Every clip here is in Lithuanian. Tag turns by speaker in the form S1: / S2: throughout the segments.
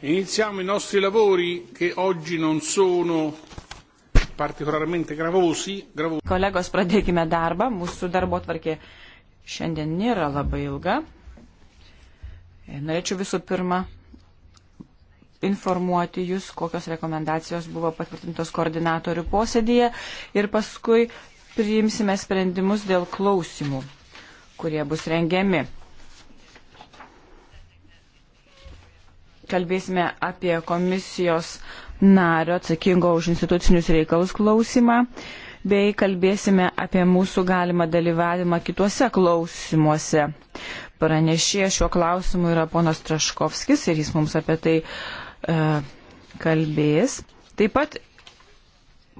S1: Iniziamo i nostri lavori che oggi non sono particolarmente
S2: gravosi. Gravo... Kolegos, pradėkime darbą. Mūsų darbo tvarkė šiandien nėra labai ilga. E, norėčiau visų pirma informuoti Jūs, kokios rekomendacijos buvo patvirtintos koordinatorių posėdėje ir paskui priimsime sprendimus dėl klausimų, kurie bus rengiami. kalbėsime apie komisijos nario atsakingo už institucinius reikalus klausimą, bei kalbėsime apie mūsų galimą dalyvavimą kituose klausimuose. Pranešė šiuo klausimu yra ponas Traškovskis ir jis mums apie tai e, kalbės. Taip pat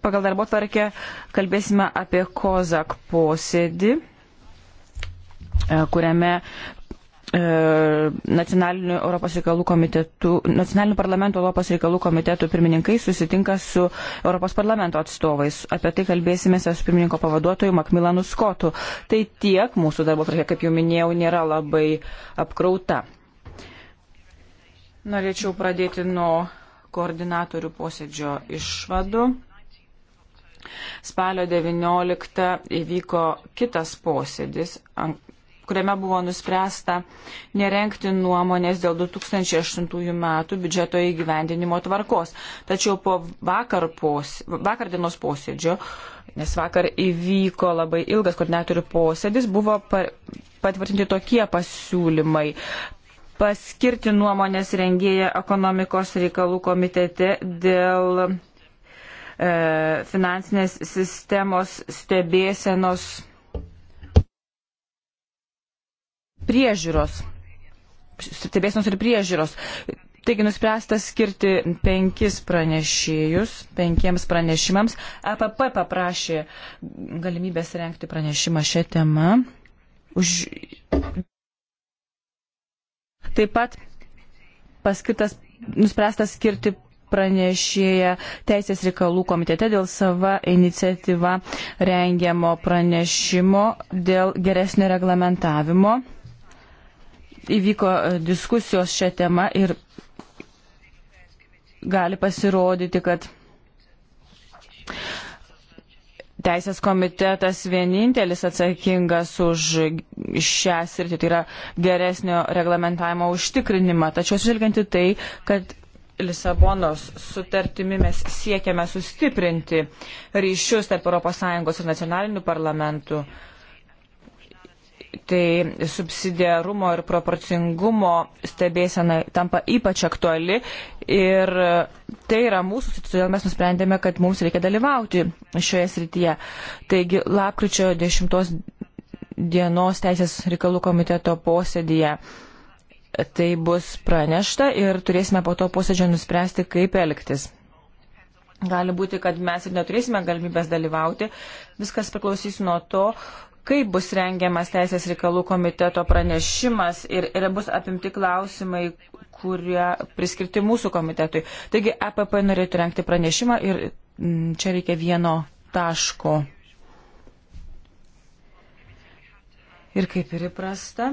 S2: pagal darbo tvarkę kalbėsime apie Kozak posėdį e, kuriame E, nacionalinių Europos reikalų komitetų, nacionalinių parlamento Europos reikalų komitetų pirmininkai susitinka su Europos parlamento atstovais. Apie tai kalbėsime su pirmininko pavaduotoju Makmilanu Skotu. Tai tiek mūsų darbo tvarkė, kaip jau minėjau, nėra labai apkrauta. Norėčiau pradėti nuo koordinatorių posėdžio išvadų. Spalio 19 įvyko kitas posėdis, kuriame buvo nuspręsta nerenkti nuomonės dėl 2008 metų biudžeto įgyvendinimo tvarkos. Tačiau po vakar pos, vakar dienos posėdžio, nes vakar įvyko labai ilgas koordinatorių posėdis, buvo patvirtinti tokie pasiūlymai paskirti nuomonės rengėją ekonomikos reikalų komitete dėl e, finansinės sistemos stebėsenos priežiūros, stebėsinos ir priežiūros. Taigi nuspręsta skirti penkis pranešėjus, penkiems pranešimams. APP e paprašė galimybės renkti pranešimą šią temą. Už... Taip pat paskirtas, nuspręsta skirti pranešėja Teisės reikalų komitete dėl savo iniciatyvą rengiamo pranešimo dėl geresnio reglamentavimo įvyko e, diskusijos šią temą ir gali pasirodyti, kad Teisės komitetas vienintelis atsakingas už šią sritį, tai yra geresnio reglamentavimo užtikrinimą. Tačiau žvelgianti tai, kad Lisabonos sutartimi mes siekiame sustiprinti ryšius tarp ES ir nacionalinių parlamentų, tai subsidiarumo ir proporcingumo stebėsena tampa ypač aktuali ir tai yra mūsų, todėl mes nusprendėme, kad mums reikia dalyvauti šioje srityje. Taigi, lapkričio 10 dienos Teisės reikalų komiteto posėdėje tai bus pranešta ir turėsime po to posėdžio nuspręsti, kaip elgtis. Gali būti, kad mes ir neturėsime galimybės dalyvauti. Viskas priklausys nuo to, kaip bus rengiamas Teisės reikalų komiteto pranešimas ir, ir bus apimti klausimai, kurie priskirti mūsų komitetui. Taigi APP e norėtų renkti pranešimą ir m, mm, čia reikia vieno taško. Ir kaip ir įprasta,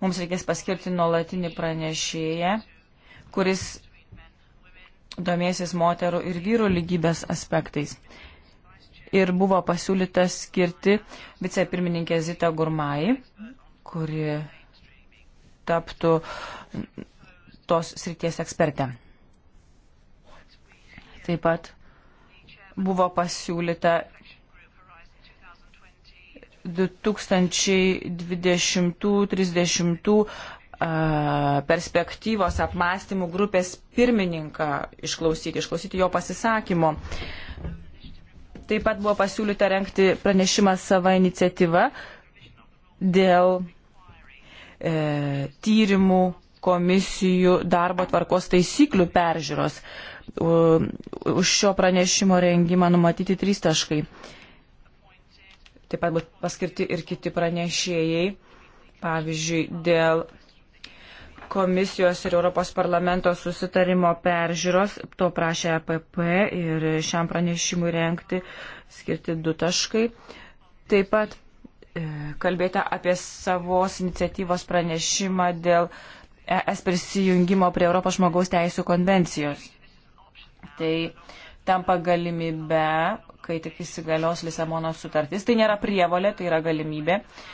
S2: mums reikės paskirti nuolatinį pranešėją, kuris domėsis moterų ir vyrų lygybės aspektais ir buvo pasiūlyta skirti vicepirmininkė Zita Gurmai, kuri taptų tos srities ekspertė. Taip pat buvo pasiūlyta 2020-30 perspektyvos apmąstymų grupės pirmininką išklausyti, išklausyti jo pasisakymo. Taip pat buvo pasiūlyta renkti pranešimą savo iniciatyvą dėl e, tyrimų komisijų darbo tvarkos taisyklių peržiūros. Už šio pranešimo rengimą numatyti trys taškai. Taip pat bus paskirti ir kiti pranešėjai, pavyzdžiui, dėl komisijos ir Europos parlamento susitarimo peržiūros, to prašė APP e ir šiam pranešimui renkti skirti du taškai. Taip pat e, kalbėta apie savos iniciatyvos pranešimą dėl ES prisijungimo prie Europos žmogaus teisų konvencijos. Tai tampa galimybe, kai tik įsigalios Lisabono sutartis. Tai nėra prievolė, tai yra galimybė. Uh,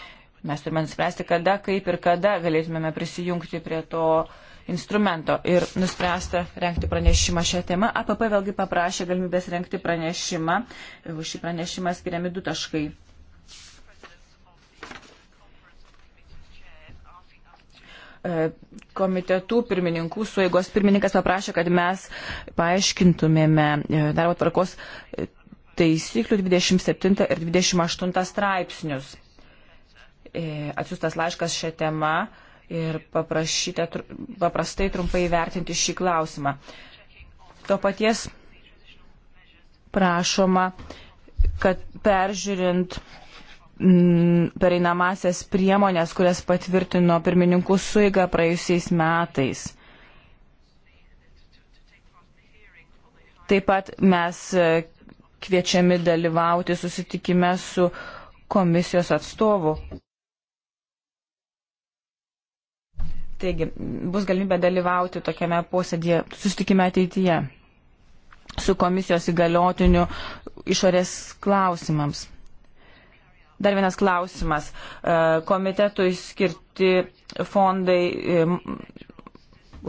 S2: Mes turime nuspręsti, kada, kaip ir kada galėtumėme prisijungti prie to instrumento. Ir nuspręsta renkti pranešimą šią temą. APP vėlgi paprašė galimybės renkti pranešimą. Už šį pranešimą skiriami du taškai. E, komitetų pirmininkų suėgos pirmininkas paprašė, kad mes paaiškintumėme e, darbo tvarkos e, taisyklių 27 ir 28 straipsnius E, atsiustas laiškas šią temą ir paprašyta paprastai trumpai vertinti šį klausimą. To paties prašoma, kad peržiūrint mm, pereinamasias priemonės, kurias patvirtino pirmininkų suiga praėjusiais metais. Taip pat mes e, kviečiami dalyvauti susitikime su komisijos atstovu. Taigi, bus galimybė dalyvauti tokiame posėdėje, susitikime ateityje su komisijos įgaliotiniu išorės klausimams. Dar vienas klausimas. E, komitetui skirti fondai e,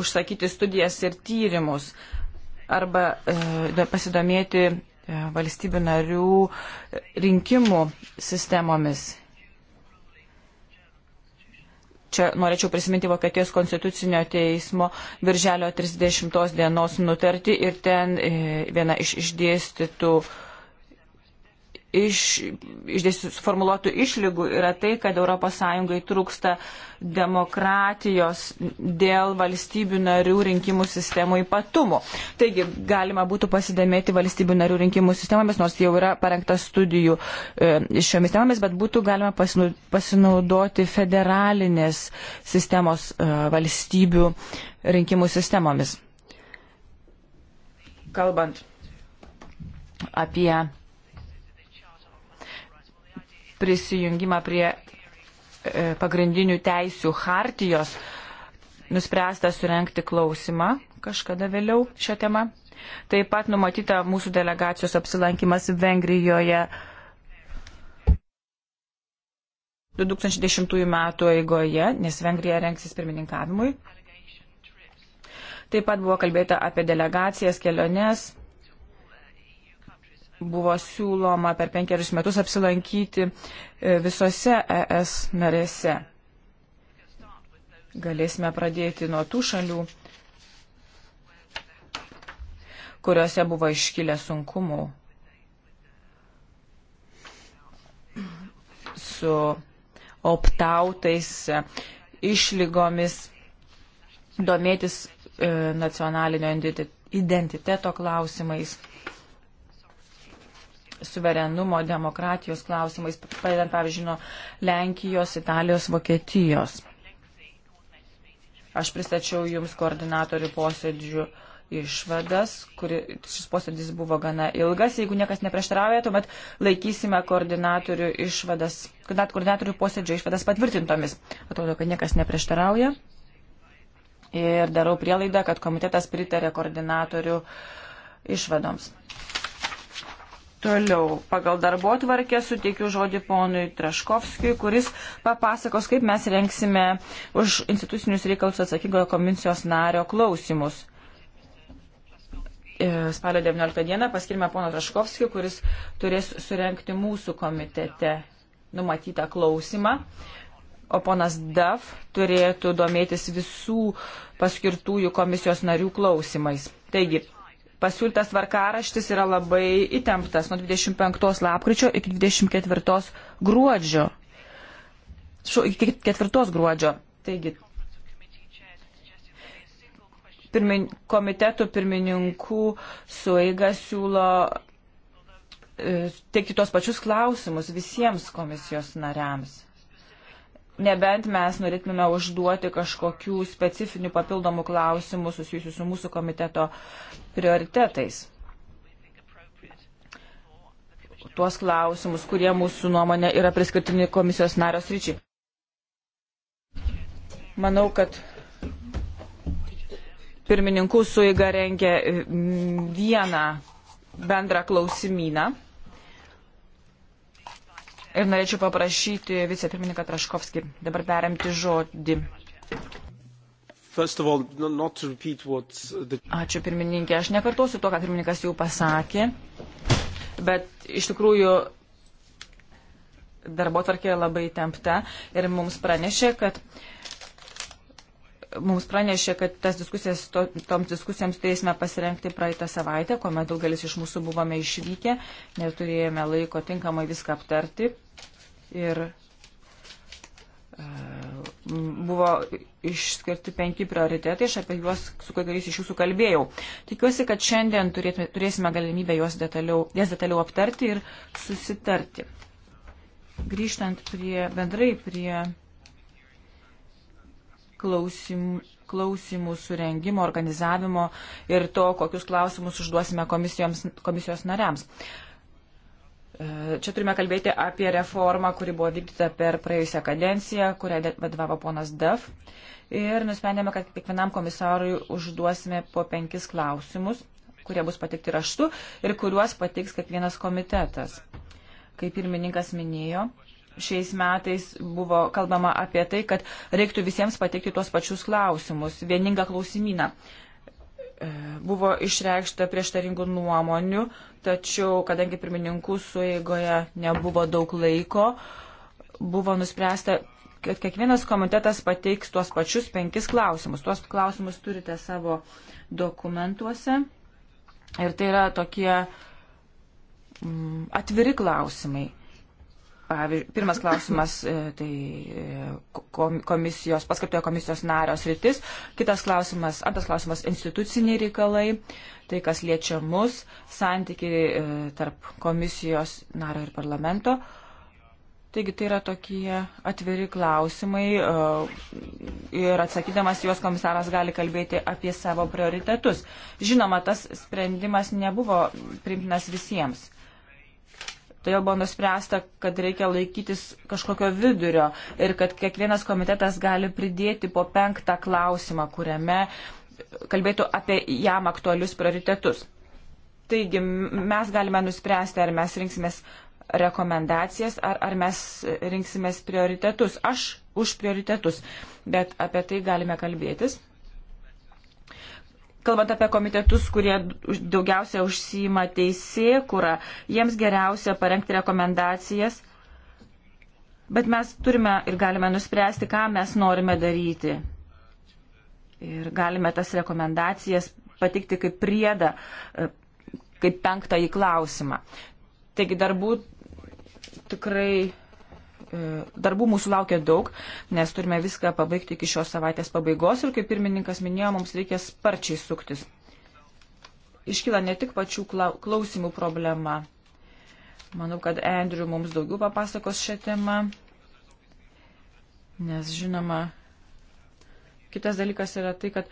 S2: užsakyti studijas ir tyrimus arba e, pasidomėti valstybių narių rinkimų sistemomis. Čia norėčiau prisiminti Vokietijos konstitucinio teismo virželio 30 dienos nutartį ir ten e, viena iš išdėstytų uh, iš, išdėsiu suformuluotų išlygų yra tai, kad ES trūksta demokratijos dėl valstybių narių rinkimų sistemų ypatumų. Taigi, galima būtų pasidamėti valstybių narių rinkimų sistemomis, nors jau yra parengta studijų e, šiomis temomis, bet būtų galima pasinaudoti federalinės sistemos e, valstybių rinkimų sistemomis. Kalbant apie prisijungimą prie e, pagrindinių teisių hartijos, nuspręsta surenkti klausimą kažkada vėliau šią temą. Taip pat numatyta mūsų delegacijos apsilankimas Vengrijoje 2010 metų eigoje, nes Vengrija renksis pirmininkavimui. Taip pat buvo kalbėta apie delegacijas, keliones, buvo siūloma per penkerius metus apsilankyti e, visose ES narėse. Galėsime pradėti nuo tų šalių, kuriuose buvo iškilę sunkumų su optautais, išlygomis, domėtis e, nacionalinio identiteto klausimais suverenumo demokratijos klausimais, padedant, pavyzdžiui, nuo Lenkijos, Italijos, Vokietijos. Aš pristačiau Jums koordinatorių posėdžių išvadas, kuri, šis posėdis buvo gana ilgas. Jeigu niekas neprieštarauja, tuomet laikysime koordinatorių išvadas, koordinatorių posėdžio išvadas patvirtintomis. Atrodo, kad niekas neprieštarauja. Ir darau prielaidą, kad komitetas pritarė koordinatorių išvadoms. Toliau, pagal darbo tvarkę suteikiu žodį ponui Traškovskijui, kuris papasakos, kaip mes renksime už institucinius reikalus atsakingojo komisijos nario klausimus. E, spalio 19 dieną paskirime pono Traškovskijui, kuris turės surenkti mūsų komitete numatytą klausimą. O ponas Daf turėtų domėtis visų paskirtųjų komisijos narių klausimais. Taigi, pasiūlytas varkaraštis yra labai įtemptas nuo 25 lapkričio iki 24 gruodžio. Šu, iki 4 gruodžio. Taigi, pirmin, komitetų pirmininkų sueiga siūlo e, teikti tos pačius klausimus visiems komisijos nariams nebent mes norėtume užduoti kažkokių specifinių papildomų klausimų susijusių su mūsų komiteto prioritetais. Tuos klausimus, kurie mūsų nuomonė yra priskirtini komisijos narios ryčiai. Manau, kad pirmininkų suiga rengia mm, vieną bendrą klausimyną Ir norėčiau paprašyti vicepirmininką Traškovskį dabar perimti žodį. All, the... Ačiū pirmininkė. Aš nekartosiu to, ką pirmininkas jau pasakė, bet iš tikrųjų darbo tvarkė labai tempta ir mums pranešė, kad mums pranešė, kad tas diskusijas, to, toms diskusijoms turėsime pasirengti praeitą savaitę, kuomet daugelis iš mūsų buvome išvykę, neturėjome laiko tinkamai viską aptarti. Ir e, buvo išskirti penki prioritetai, aš apie juos su kai kuriais iš jūsų kalbėjau. Tikiuosi, kad šiandien turėtume, turėsime galimybę juos detaliau, jas detaliau aptarti ir susitarti. Grįžtant prie, bendrai prie klausim, klausimų surengimo, organizavimo ir to, kokius klausimus užduosime komisijos nariams. E, čia turime kalbėti apie reformą, kuri buvo vykdyta per praėjusią kadenciją, kurią vadovavo ponas Daf. Ir nusprendėme, kad kiekvienam komisarui užduosime po penkis klausimus, kurie bus patikti raštu ir kuriuos patiks kiekvienas komitetas. Kaip pirmininkas minėjo, šiais metais buvo kalbama apie tai, kad reiktų visiems pateikti tuos pačius klausimus, vieningą klausimyną. E, buvo išreikšta prieštaringų nuomonių, tačiau kadangi pirmininkų sueigoje nebuvo daug laiko, buvo nuspręsta, kad kiekvienas komitetas pateiks tuos pačius penkis klausimus. Tuos klausimus turite savo dokumentuose. Ir tai yra tokie mm, atviri klausimai. Pavyzdžiui, pirmas klausimas e, - tai e, komisijos, paskaptojo komisijos narios rytis. Kitas klausimas, antras klausimas - instituciniai reikalai, tai kas liečia mus, santykiai e, tarp komisijos nario ir parlamento. Taigi tai yra tokie atviri klausimai ir atsakydamas juos komisaras gali kalbėti apie savo prioritetus. Žinoma, tas sprendimas nebuvo primtinas visiems Todėl buvo nuspręsta, kad reikia laikytis kažkokio vidurio ir kad kiekvienas komitetas gali pridėti po penktą klausimą, kuriame kalbėtų apie jam aktualius prioritetus. Taigi mes galime nuspręsti, ar mes rinksimės rekomendacijas, ar, ar mes rinksimės prioritetus. Aš už prioritetus, bet apie tai galime kalbėtis kalbant apie komitetus, kurie daugiausia užsima teisėkurą, jiems geriausia parengti rekomendacijas, bet mes turime ir galime nuspręsti, ką mes norime daryti. Ir galime tas rekomendacijas patikti kaip priedą, e, kaip penktąjį klausimą. Taigi darbų tikrai E, darbų mūsų laukia daug, nes turime viską pabaigti iki šios savaitės pabaigos ir, kaip pirmininkas minėjo, mums reikia sparčiai suktis. Iškyla ne tik pačių klausimų problema. Manau, kad Andrew mums daugiau papasakos šią temą, nes žinoma, kitas dalykas yra tai, kad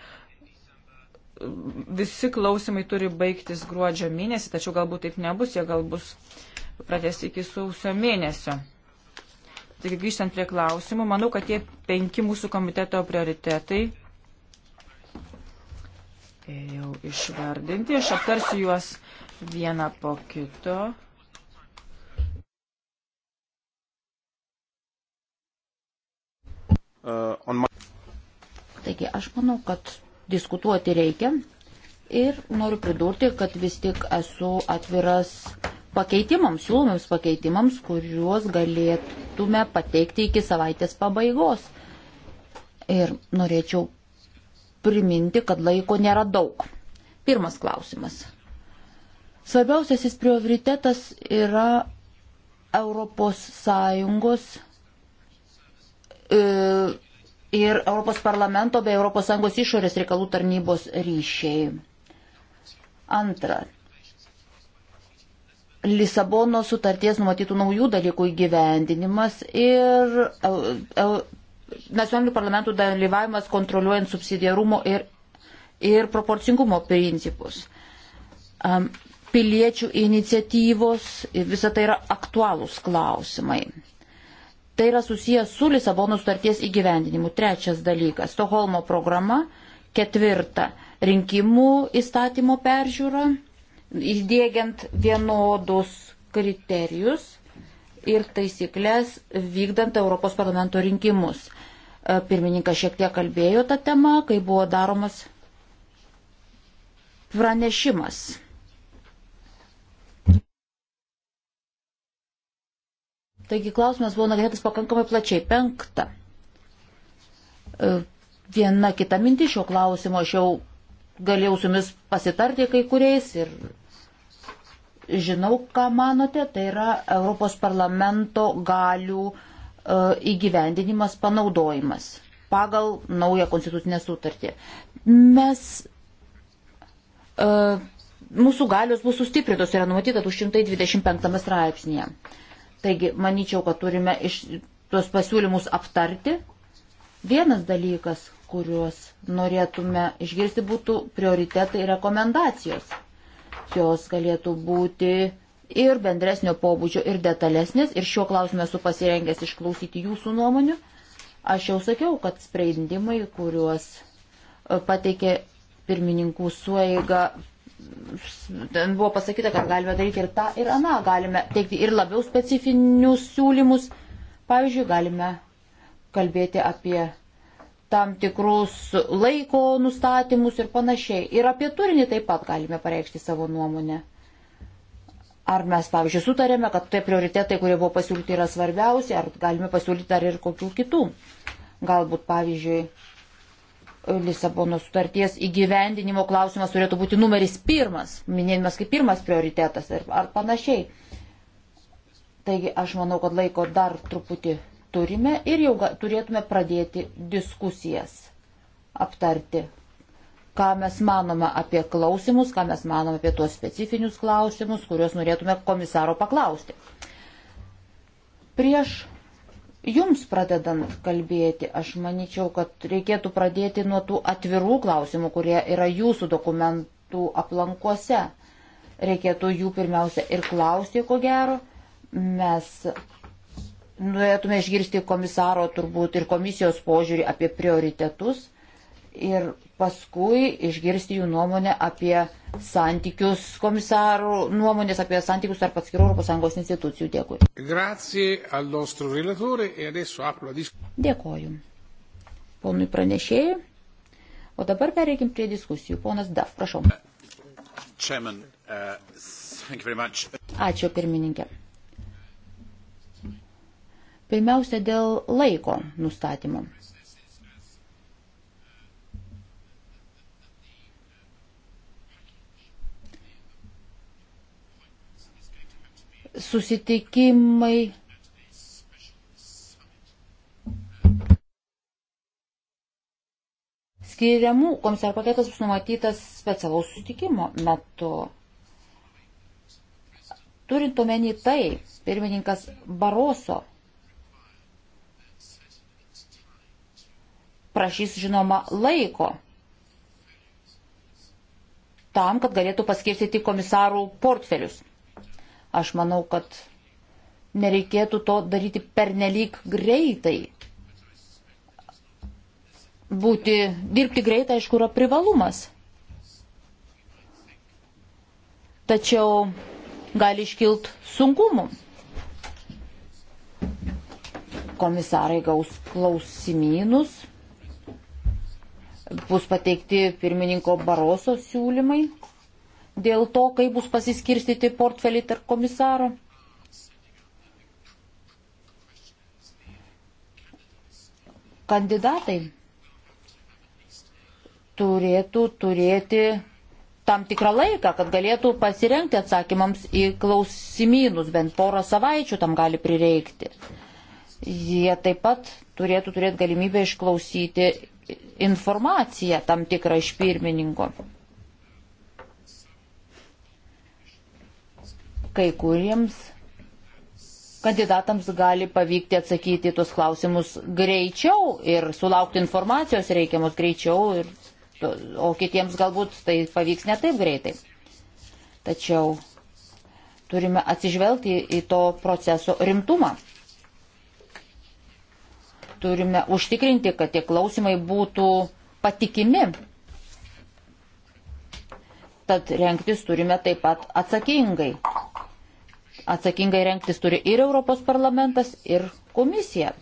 S2: visi klausimai turi baigtis gruodžio mėnesį, tačiau galbūt taip nebus, jie gal bus pratesti iki sausio mėnesio. Taigi grįžtant prie klausimų, manau, kad tie penki mūsų komiteto prioritetai jau išvardinti. Aš aptarsiu juos vieną po kito.
S1: Uh,
S3: Taigi aš manau, kad diskutuoti reikia ir noriu pridurti, kad vis tik esu atviras pakeitimams, siūlomiems pakeitimams, kuriuos galėtume pateikti iki savaitės pabaigos. Ir norėčiau priminti, kad laiko nėra daug. Pirmas klausimas. Svarbiausiasis prioritetas yra ES e, ir ES parlamento bei ES išorės reikalų tarnybos ryšiai. Antra, Lisabono sutarties numatytų naujų dalykų įgyvendinimas ir nacionalinių parlamentų dalyvavimas kontroliuojant subsidiarumo ir, ir proporcingumo principus. Piliečių iniciatyvos ir visa tai yra aktualūs klausimai. Tai yra susijęs su Lisabono sutarties įgyvendinimu. Trečias dalykas - Stoholmo programa. Ketvirta - rinkimų įstatymo peržiūra įdėgiant vienodus kriterijus ir taisyklės vykdant Europos parlamento rinkimus. E, pirmininkas šiek tiek kalbėjo tą temą, kai buvo daromas pranešimas. Taigi klausimas buvo nagrinėtas pakankamai plačiai. Penkta. E, viena kita mintis šio klausimo aš jau galėjau su jumis pasitarti kai kuriais ir žinau, ką manote, tai yra Europos parlamento galių e, įgyvendinimas, panaudojimas pagal naują konstitucinę sutartį. Mes, e, mūsų galios bus sustiprintos, yra numatyta 225 straipsnėje. Taigi, manyčiau, kad turime iš tuos pasiūlymus aptarti. Vienas dalykas, kuriuos norėtume išgirsti, būtų prioritetai ir rekomendacijos Jos galėtų būti ir bendresnio pobūdžio, ir detalesnės. Ir šiuo klausimu esu pasirengęs išklausyti jūsų nuomonių. Aš jau sakiau, kad sprendimai, kuriuos e, pateikė pirmininkų sueiga, ten buvo pasakyta, kad galime daryti ir tą, ir aną, galime teikti ir labiau specifinius siūlymus. Pavyzdžiui, galime kalbėti apie tam tikrus laiko nustatymus ir panašiai. Ir apie turinį taip pat galime pareikšti savo nuomonę. Ar mes, pavyzdžiui, sutarėme, kad tie prioritetai, kurie buvo pasiūlyti, yra svarbiausi, ar galime pasiūlyti dar ir kokių kitų. Galbūt, pavyzdžiui, Lisabono sutarties įgyvendinimo klausimas turėtų būti numeris pirmas, minėjimas kaip pirmas prioritetas ir, ar panašiai. Taigi aš manau, kad laiko dar truputį turime ir jau turėtume pradėti diskusijas aptarti, ką mes manome apie klausimus, ką mes manome apie tuos specifinius klausimus, kuriuos norėtume komisaro paklausti. Prieš jums pradedant kalbėti, aš manyčiau, kad reikėtų pradėti nuo tų atvirų klausimų, kurie yra jūsų dokumentų aplankuose. Reikėtų jų pirmiausia ir klausti, ko gero. Mes norėtume išgirsti komisaro turbūt ir komisijos požiūrį apie prioritetus ir paskui išgirsti jų nuomonę apie santykius komisarų, nuomonės apie santykius tarp atskirų ES institucijų. Dėkui.
S1: E
S3: Dėkoju. Ponui pranešėjai. O dabar pereikim prie diskusijų. Ponas Daf, prašau.
S1: Chairman, uh,
S3: Ačiū pirmininkė. Pirmiausia, dėl laiko nustatymo. Susitikimai skiriamų komisarų paketas bus numatytas specialaus susitikimo metu. Turint omeny tai, pirmininkas Baroso prašys žinoma laiko tam, kad galėtų paskirstyti komisarų portfelius. Aš manau, kad nereikėtų to daryti pernelyg greitai. Būti, dirbti greitai, aišku, yra privalumas. Tačiau gali iškilt sunkumų. Komisarai gaus klausimynus bus pateikti pirmininko Baroso siūlymai dėl to, kaip bus pasiskirstyti portfelį tarp komisarų. Kandidatai turėtų turėti tam tikrą laiką, kad galėtų pasirenkti atsakymams į klausimynus, bent porą savaičių tam gali prireikti. Jie taip pat turėtų turėti galimybę išklausyti informaciją tam tikrą iš pirmininko. Kai kuriems kandidatams gali pavykti atsakyti tuos klausimus greičiau ir sulaukti informacijos reikiamus greičiau, ir, o kitiems galbūt tai pavyks ne taip greitai. Tačiau turime atsižvelgti į to proceso rimtumą turime užtikrinti, kad tie klausimai būtų patikimi. Tad renktis turime taip pat atsakingai. Atsakingai renktis turi ir Europos parlamentas, ir komisija.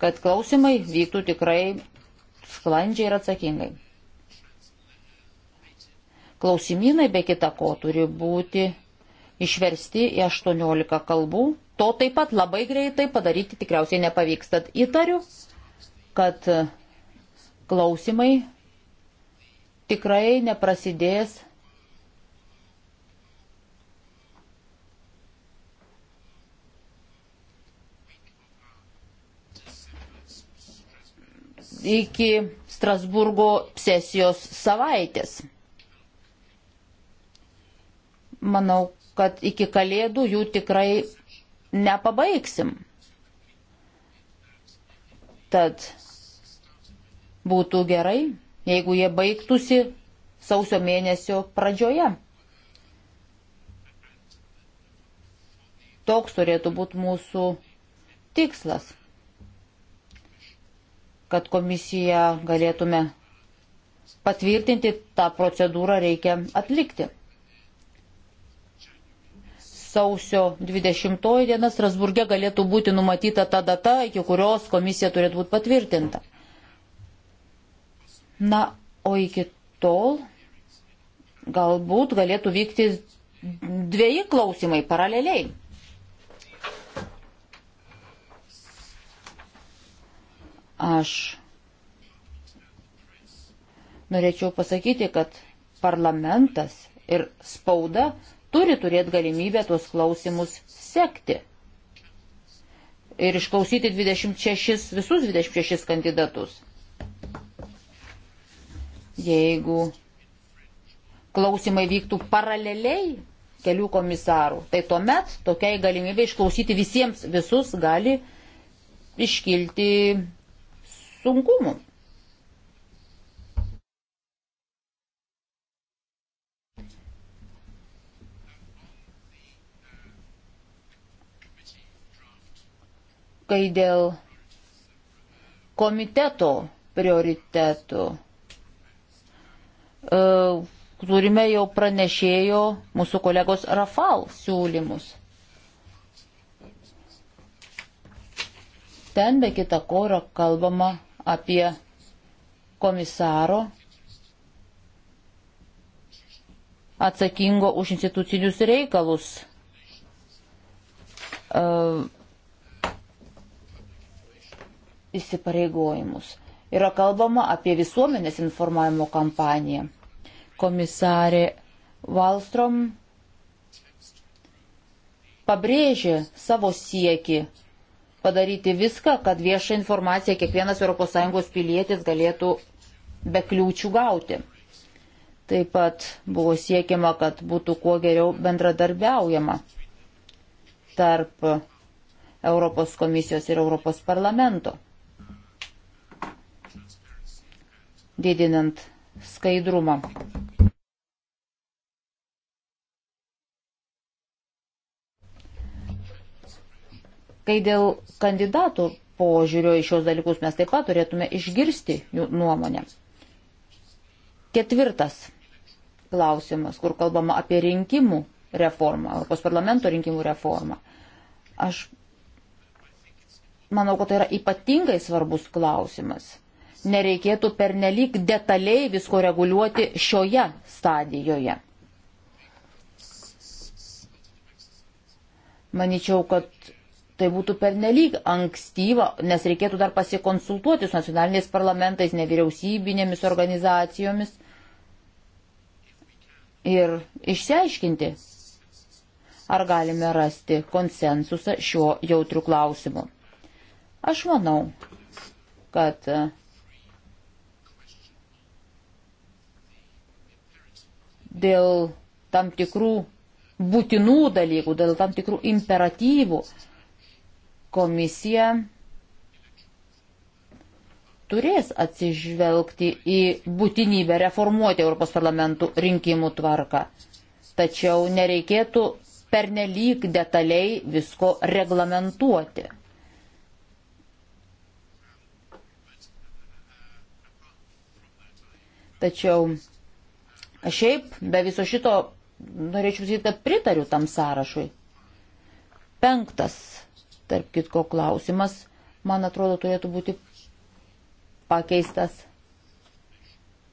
S3: Kad klausimai vyktų tikrai sklandžiai ir atsakingai. Klausimynai be kita ko turi būti išversti į 18 kalbų to taip pat labai greitai padaryti tikriausiai nepavyks. Tad įtariu, kad klausimai tikrai neprasidės. iki Strasburgo sesijos savaitės. Manau, kad iki kalėdų jų tikrai nepabaigsim. Tad būtų gerai, jeigu jie baigtųsi sausio mėnesio pradžioje. Toks turėtų būti mūsų tikslas, kad komisiją galėtume patvirtinti, tą procedūrą reikia atlikti sausio 20 diena Strasburgė galėtų būti numatyta ta data, iki kurios komisija turėtų būti patvirtinta. Na, o iki tol galbūt galėtų vykti dviejai klausimai paraleliai. Aš norėčiau pasakyti, kad parlamentas ir spauda turi turėti galimybę tuos klausimus sekti. Ir išklausyti 26, visus 26 kandidatus. Jeigu klausimai vyktų paraleliai kelių komisarų, tai tuomet tokiai galimybė išklausyti visiems visus gali iškilti sunkumų. kai dėl komiteto prioritetų e, turime jau pranešėjo mūsų kolegos Rafal siūlymus. Ten be kita ko yra kalbama apie komisaro atsakingo už institucinius reikalus e, įsipareigojimus. Yra kalbama apie visuomenės informavimo kampaniją. Komisarė Valstrom pabrėžė savo sieki padaryti viską, kad viešą informaciją kiekvienas ES pilietis galėtų be kliūčių gauti. Taip pat buvo siekiama, kad būtų kuo geriau bendradarbiaujama tarp Europos komisijos ir Europos parlamento. didinant skaidrumą. Kai dėl kandidatų požiūrio į šios dalykus mes taip pat turėtume išgirsti jų nuomonę. Ketvirtas klausimas, kur kalbama apie rinkimų reformą, Europos parlamento rinkimų reformą. Aš manau, kad tai yra ypatingai svarbus klausimas nereikėtų pernelyg detaliai visko reguliuoti šioje stadijoje. Maničiau, kad tai būtų pernelyg ankstyva, nes reikėtų dar pasikonsultuoti su nacionaliniais parlamentais, nevyriausybinėmis organizacijomis ir išsiaiškinti, ar galime rasti konsensusą šiuo jautriu klausimu. Aš manau, kad dėl tam tikrų būtinų dalykų, dėl tam tikrų imperatyvų komisija turės atsižvelgti į būtinybę reformuoti Europos parlamentų rinkimų tvarką. Tačiau nereikėtų pernelyg detaliai visko reglamentuoti. Tačiau Aš šiaip be viso šito norėčiau sakyti, kad pritariu tam sąrašui. Penktas, tarp kitko, klausimas, man atrodo, turėtų būti pakeistas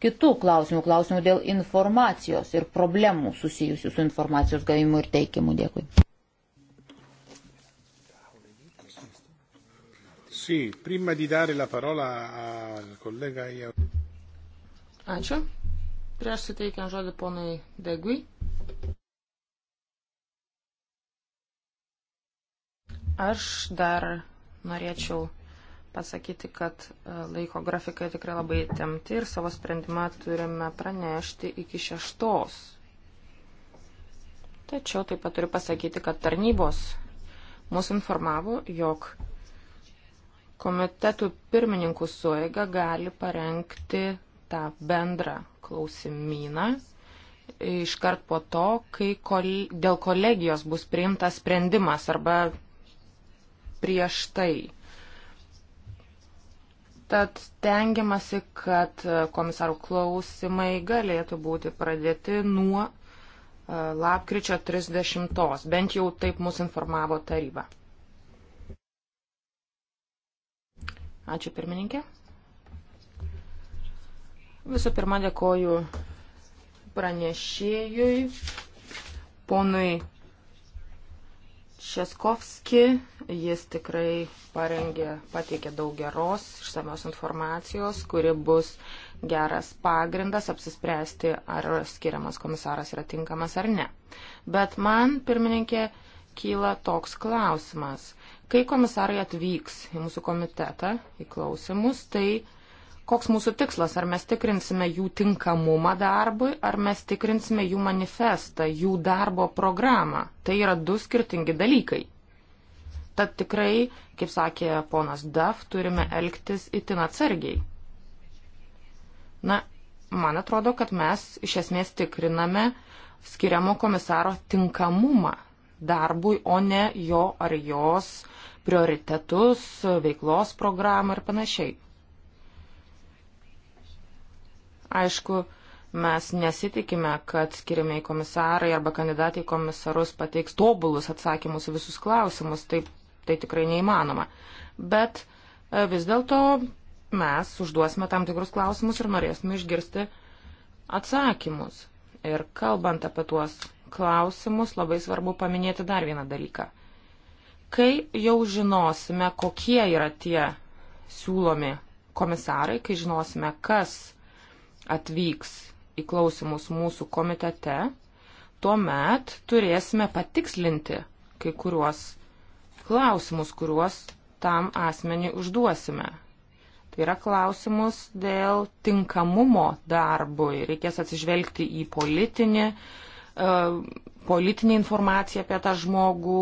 S3: kitų klausimų, klausimų dėl informacijos ir problemų susijusių su informacijos gavimu ir teikimu. Dėkui.
S4: Ačiū. Prieš suteikiant žodį ponui Degui. Aš dar norėčiau pasakyti, kad e, laiko grafikai tikrai labai temti ir savo sprendimą turime pranešti iki šeštos. Tačiau taip pat turiu pasakyti, kad tarnybos mus informavo, jog komitetų pirmininkų suėga gali parengti tą bendrą klausimyną iškart po to, kai kol, dėl kolegijos bus priimtas sprendimas arba prieš tai. Tad tengiamasi, kad komisarų klausimai galėtų būti pradėti nuo e, lapkričio 30. Bent jau taip mus informavo taryba. Ačiū pirmininkė. Visų pirma, dėkoju pranešėjui, ponui Šeskovski. Jis tikrai parengė, pateikė daug geros, išsamios informacijos, kuri bus geras pagrindas apsispręsti, ar skiriamas komisaras yra tinkamas ar ne. Bet man, pirmininkė, kyla toks klausimas. Kai komisarai atvyks į mūsų komitetą, į klausimus, tai koks mūsų tikslas, ar mes tikrinsime jų tinkamumą darbui, ar mes tikrinsime jų manifestą, jų darbo programą. Tai yra du skirtingi dalykai. Tad tikrai, kaip sakė ponas Daf, turime elgtis itin atsargiai. Na, man atrodo, kad mes iš esmės tikriname skiriamo komisaro tinkamumą darbui, o ne jo ar jos prioritetus, veiklos programą ir panašiai. Aišku, mes nesitikime, kad skiriamiai komisarai arba kandidatai komisarus pateiks tobulus atsakymus į visus klausimus, taip, tai tikrai neįmanoma. Bet e, vis dėlto mes užduosime tam tikrus klausimus ir norėsime išgirsti atsakymus. Ir kalbant apie tuos klausimus, labai svarbu paminėti dar vieną dalyką. Kai jau žinosime, kokie yra tie siūlomi komisarai, kai žinosime, kas atvyks į klausimus mūsų komitete, tuomet turėsime patikslinti kai kuriuos klausimus, kuriuos tam asmenį užduosime. Tai yra klausimus dėl tinkamumo darbui. Reikės atsižvelgti į politinį, e, politinį informaciją apie tą žmogų,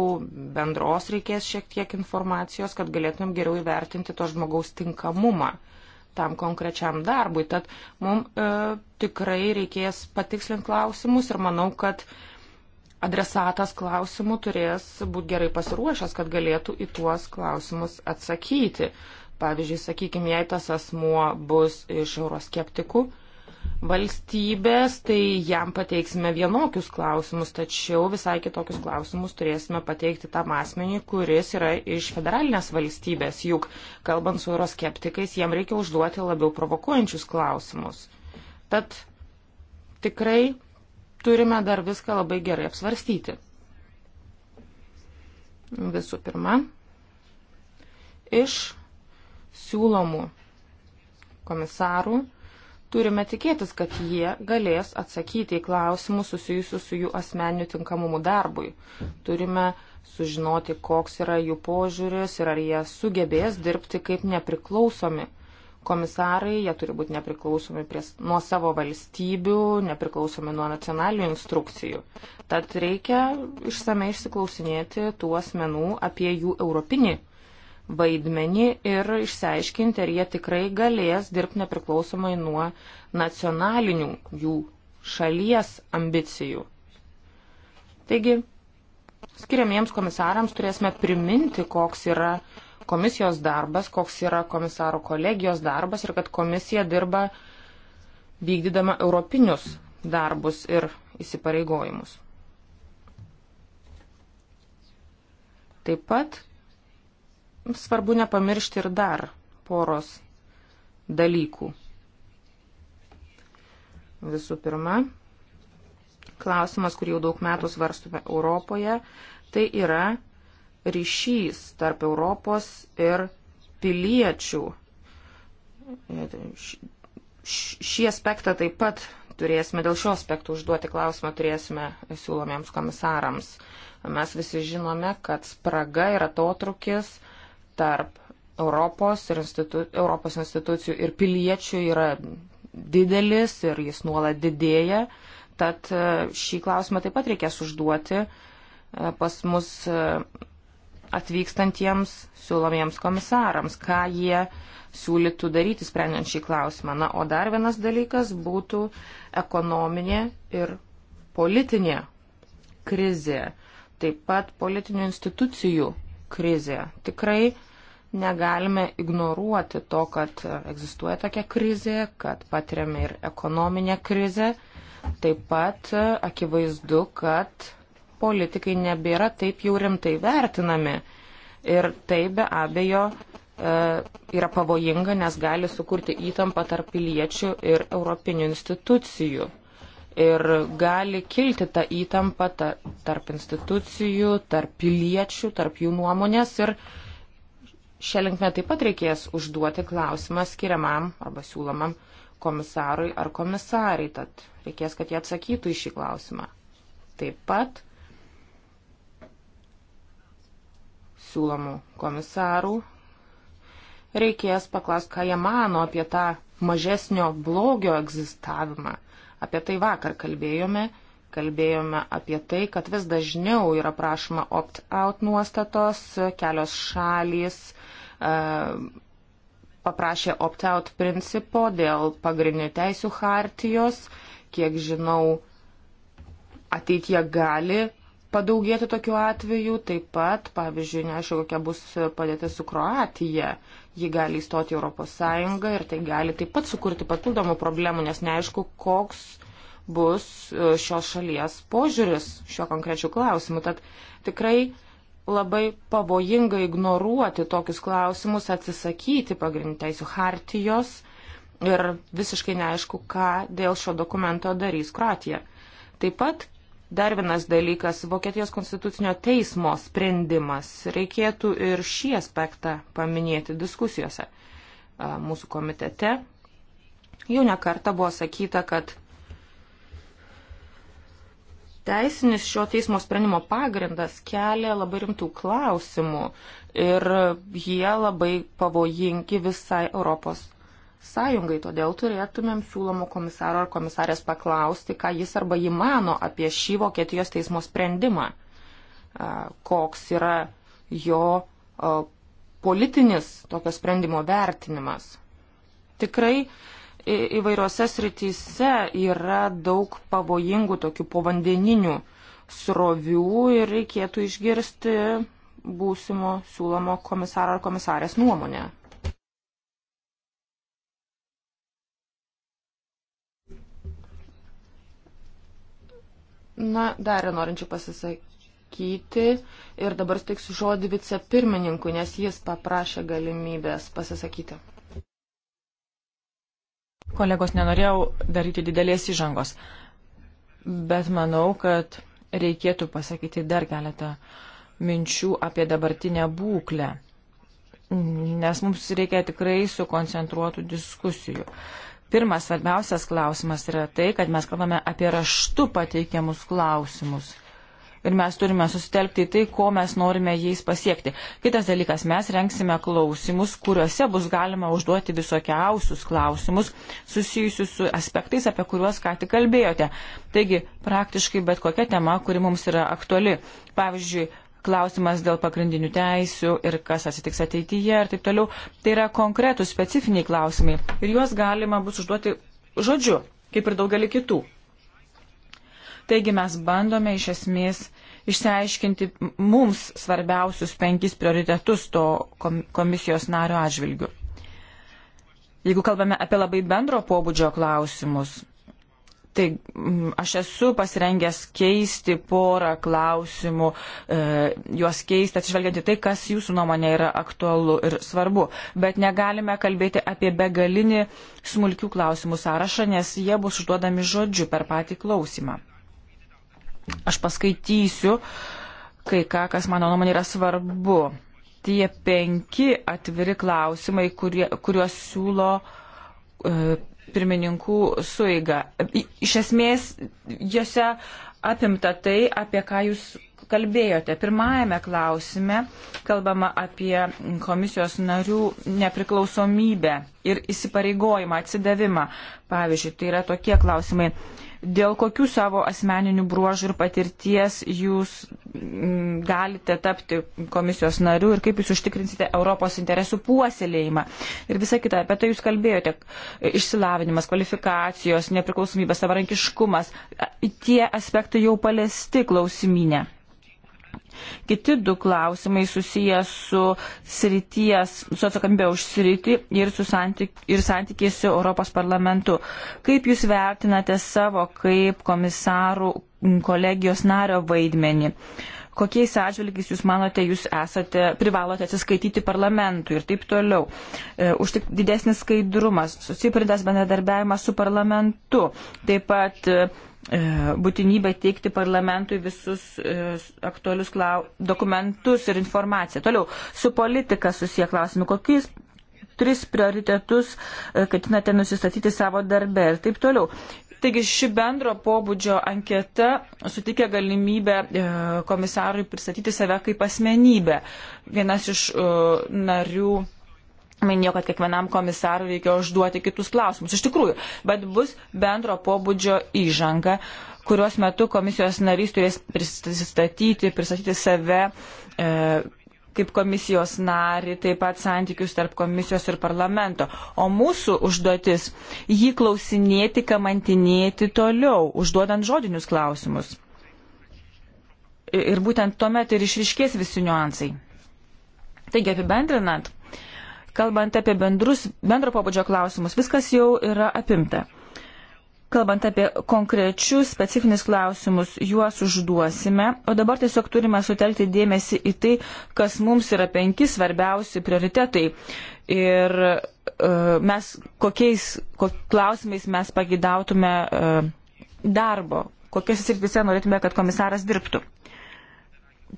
S4: bendros reikės šiek tiek informacijos, kad galėtumėm geriau įvertinti to žmogaus tinkamumą. Uh, tam konkrečiam darbui. Tad mums e, tikrai reikės patikslinti klausimus ir manau, kad adresatas klausimų turės būti gerai pasiruošęs, kad galėtų į tuos klausimus atsakyti. Pavyzdžiui, sakykime, jei tas asmuo bus iš euroskeptikų, valstybės, tai jam pateiksime vienokius klausimus, tačiau visai kitokius klausimus turėsime pateikti tam asmeniui, kuris yra iš federalinės valstybės, juk kalbant su euroskeptikais, jam reikia užduoti labiau provokuojančius klausimus. Tad tikrai turime dar viską labai gerai apsvarstyti. Visų pirma, iš siūlomų komisarų Turime tikėtis, kad jie galės atsakyti į klausimus susijusius su jų asmeniniu tinkamumu darbui. Turime sužinoti, koks yra jų požiūris ir ar jie sugebės dirbti kaip nepriklausomi. Komisarai, jie turi būti nepriklausomi prie, nuo savo valstybių, nepriklausomi nuo nacionalinių instrukcijų. Tad reikia išsamei išsiklausinėti tų asmenų apie jų europinį vaidmenį ir išsiaiškinti, ar jie tikrai galės dirbti nepriklausomai nuo nacionalinių jų šalies ambicijų. Taigi, skiriamiems komisarams turėsime priminti, koks yra komisijos darbas, koks yra komisaro kolegijos darbas ir kad komisija dirba vykdydama europinius darbus ir įsipareigojimus. Taip pat svarbu nepamiršti ir dar poros dalykų. Visų pirma, klausimas, kurį jau daug metų svarstume Europoje, tai yra ryšys tarp Europos ir piliečių. Šį aspektą taip pat turėsime, dėl šio aspektų užduoti klausimą turėsime siūlomiems komisarams. Mes visi žinome, kad spraga ir atotrukis tarp Europos, ir institu, Europos institucijų ir piliečių yra didelis ir jis nuolat didėja. Tad e, šį klausimą taip pat reikės užduoti e, pas mus e, atvykstantiems siūlomiems komisarams, ką jie siūlytų daryti, sprendžiant šį klausimą. Na, o dar vienas dalykas būtų ekonominė ir politinė krizė, taip pat politinių institucijų krizė. Tikrai negalime ignoruoti to, kad egzistuoja tokia krizė, kad patiriame ir ekonominę krizę. Taip pat akivaizdu, kad politikai nebėra taip jau rimtai vertinami. Ir tai be abejo e, yra pavojinga, nes gali sukurti įtampą tarp piliečių ir europinių institucijų ir gali kilti ta įtampa ta, tarp institucijų, tarp piliečių, tarp jų nuomonės ir šią linkmę taip pat reikės užduoti klausimą skiriamam arba siūlomam komisarui ar komisariai, tad reikės, kad jie atsakytų į šį klausimą. Taip pat siūlomų komisarų reikės paklausti, ką jie mano apie tą mažesnio blogio egzistavimą Apie tai vakar kalbėjome. Kalbėjome apie tai, kad vis dažniau yra prašoma opt-out nuostatos, kelios šalys e, paprašė opt-out principo dėl pagrindinių teisų hartijos. Kiek žinau, ateitie gali padaugėti tokių atvejų, taip pat, pavyzdžiui, neaišku, kokia bus padėtis su Kroatija. Ji gali įstoti Europos Sąjungą ir tai gali taip pat sukurti papildomų problemų, nes neaišku, koks bus e, šios šalies požiūris šiuo konkrečiu klausimu. Tad tikrai labai pavojinga ignoruoti tokius klausimus, atsisakyti pagrindinių teisų hartijos ir visiškai neaišku, ką dėl šio dokumento darys Kroatija. Taip pat Dar vienas dalykas - Vokietijos konstitucinio teismo sprendimas. Reikėtų ir šį aspektą paminėti diskusijose mūsų komitete. Jau nekarta buvo sakyta, kad teisinis šio teismo sprendimo pagrindas kelia labai rimtų klausimų ir jie labai pavojingi visai Europos sąjungai. Todėl turėtumėm siūlomų komisaro ar komisarės paklausti, ką jis arba jį mano apie šį Vokietijos teismo sprendimą, koks yra jo politinis tokio sprendimo vertinimas. Tikrai įvairiose srityse yra daug pavojingų tokių povandeninių srovių ir reikėtų išgirsti būsimo siūlomo komisaro ar komisarės nuomonę. Na, dar norinčių pasisakyti ir dabar steiksiu žodį vicepirmininkui, nes jis paprašė galimybės
S2: pasisakyti. Kolegos, nenorėjau daryti didelės įžangos, bet manau, kad reikėtų pasakyti dar keletą minčių apie dabartinę būklę, nes mums reikia tikrai sukoncentruotų diskusijų. Uh, Pirmas svarbiausias klausimas yra tai, kad mes kalbame apie raštu pateikiamus klausimus. Ir mes turime susitelkti į tai, ko mes norime jais pasiekti. Kitas dalykas, mes renksime klausimus, kuriuose bus galima užduoti visokiausius klausimus susijusius su aspektais, apie kuriuos ką tik kalbėjote. Taigi, praktiškai bet kokia tema, kuri mums yra aktuali. Pavyzdžiui, klausimas dėl pagrindinių teisių ir kas atsitiks ateityje ir taip toliau. Tai yra konkretus, specifiniai klausimai ir juos galima bus užduoti žodžiu, kaip ir daugelį kitų. Taigi mes bandome iš esmės išsiaiškinti mums svarbiausius penkis prioritetus to komisijos nario atžvilgiu. Jeigu kalbame apie labai bendro pobūdžio klausimus, Tai mm, aš esu pasirengęs keisti porą klausimų, e, juos keisti atsižvelgiant į tai, kas jūsų nuomonė yra aktualu ir svarbu. Bet negalime kalbėti apie begalinį smulkių klausimų sąrašą, nes jie bus užduodami žodžiu per patį klausimą. Aš paskaitysiu kai ką, kas mano nuomonė yra svarbu. Tie penki atviri klausimai, kurie, kuriuos siūlo. E, pirmininkų suiga. Iš esmės, jose apimta tai, apie ką jūs kalbėjote. Pirmajame klausime kalbama apie komisijos narių nepriklausomybę ir įsipareigojimą, atsidavimą. Pavyzdžiui, tai yra tokie klausimai dėl kokių savo asmeninių bruožų ir patirties jūs mm, galite tapti komisijos nariu ir kaip jūs užtikrinsite Europos interesų puoselėjimą. Ir visą kitą, apie tai jūs kalbėjote, išsilavinimas, kvalifikacijos, nepriklausomybė, savarankiškumas, tie aspektai jau paliesti klausimynė. Kiti du klausimai susiję su srities, su atsakomybė už sritį ir, santyk, ir santykiai su Europos parlamentu. Kaip Jūs vertinate savo kaip komisarų kolegijos nario vaidmenį? kokiais atžvilgiais jūs manote, jūs esate, privalote atsiskaityti parlamentui ir taip toliau. E, už tik didesnis skaidrumas, susiprintas bendradarbiavimas su parlamentu, taip pat e, E, būtinybę teikti parlamentui visus e, aktualius klau... dokumentus ir informaciją. Toliau, su politika susiję klausimų, kokiais tris prioritetus e, ketinate nusistatyti savo darbe ir taip toliau. Taigi ši bendro pobūdžio anketa sutikė galimybę komisarui pristatyti save kaip asmenybę. Vienas iš narių minėjo, kad kiekvienam komisarui reikia užduoti kitus klausimus. Iš tikrųjų, bet bus bendro pobūdžio įžanga, kurios metu komisijos narys turės pristatyti, pristatyti save. E, kaip komisijos narį, taip pat santykius tarp komisijos ir parlamento. O mūsų užduotis - jį klausinėti, kamantinėti toliau, užduodant žodinius klausimus. Ir būtent tuomet ir išriškės visi niuansai. Taigi apibendrinant, Kalbant apie bendrus, bendro pobūdžio klausimus, viskas jau yra apimta. Kalbant apie konkrečius specifinius klausimus, juos užduosime, o dabar tiesiog turime sutelkti dėmesį į tai, kas mums yra penki svarbiausi prioritetai ir uh, mes kokiais kok, klausimais mes pagidautume uh, darbo, kokias srityse norėtume, kad komisaras dirbtų.